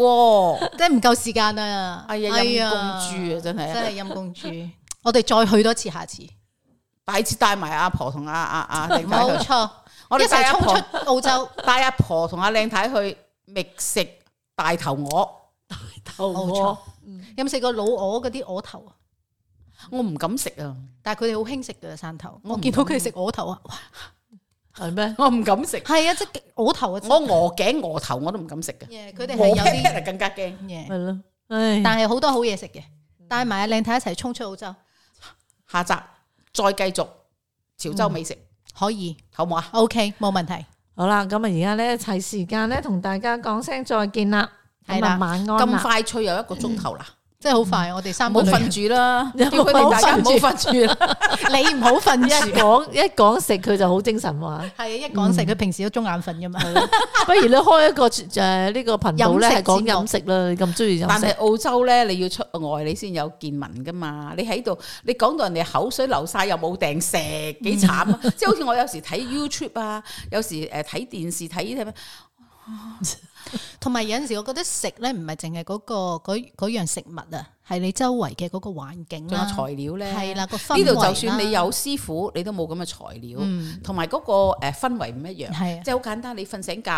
係唔夠時間啊！哎呀，陰公豬啊，真係真係陰公豬。我哋再去多次，下次帶住帶埋阿婆同阿阿阿，冇錯。我哋一齊衝出澳洲，帶阿婆同阿靚太去覓食大頭鵝。大頭鵝，有冇食過老鵝嗰啲鵝頭啊？我唔敢食啊！但係佢哋好興食噶汕頭，我見到佢哋食鵝頭啊。係咩？我唔敢食。係啊，即係鵝頭啊，我鵝頸鵝頭我都唔敢食嘅。佢哋係有啲更加驚嘅。係咯，但係好多好嘢食嘅，帶埋阿靚太一齊衝出澳洲。下集再繼續潮州美食。可以好唔好啊？O K，冇問題。好啦，咁啊，而家咧，齊時間呢，同大家講聲再見啦。係啦的，晚安啦。咁快脆又一個鐘頭啦。嗯真係好快，我哋三冇瞓住啦，叫佢哋大家唔好瞓住啦。你唔好瞓，一講一講食佢就好精神喎。係一講食佢平時都中眼瞓噶嘛。不如你開一個誒呢個頻道咧，講飲食啦。咁中意飲食，但係澳洲咧，你要出外你先有見聞噶嘛。你喺度你講到人哋口水流晒，又冇定食，幾慘啊！即係好似我有時睇 YouTube 啊，有時誒睇電視睇睇。同埋有陣時，我覺得食咧唔係淨係嗰個嗰嗰樣食物啊，係你周圍嘅嗰個環境啦，材料咧係啦，呢度，嗰個，就算你有師傅，你都冇咁嘅材料，同埋嗰個誒氛圍唔一樣，係的即係好簡單。你瞓醒覺，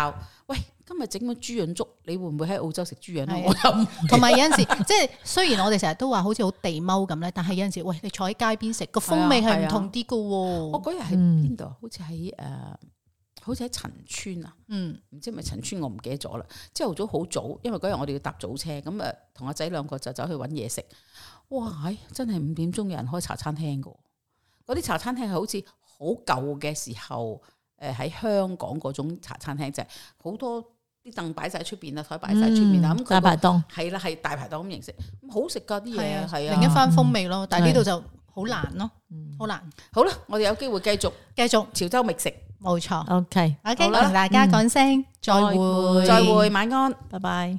喂，今日整碗豬潤粥，你會唔會喺澳洲食豬潤粥？同埋的有陣時，即係 雖然我哋成日都話好似好地踎咁咧，但係有陣時，喂，你坐喺街邊食，嗰個風味係唔同啲噶。的我嗰日喺邊度？好似喺誒。嗯好似喺陳村啊，唔知係咪陳村，是是陳村我唔記得咗啦。朝頭早好早，因為嗰日我哋要搭早車，咁啊，同阿仔兩個就走去揾嘢食。哇！真係五點鐘有人開茶餐廳噶，嗰啲茶餐廳係好似好舊嘅時候，誒喺香港嗰種茶餐廳啫，好、就是、多啲凳擺晒喺出邊啊，台擺晒出邊啊，咁大排檔係啦，係大排檔咁形式，咁好食噶啲嘢，係、啊啊、另一番風味咯。嗯、但係呢度就好難咯，好難。嗯、好啦，我哋有機會繼續繼續潮州美食。冇錯，OK，我今日同大家講聲、嗯、再會，再會，晚安，拜拜。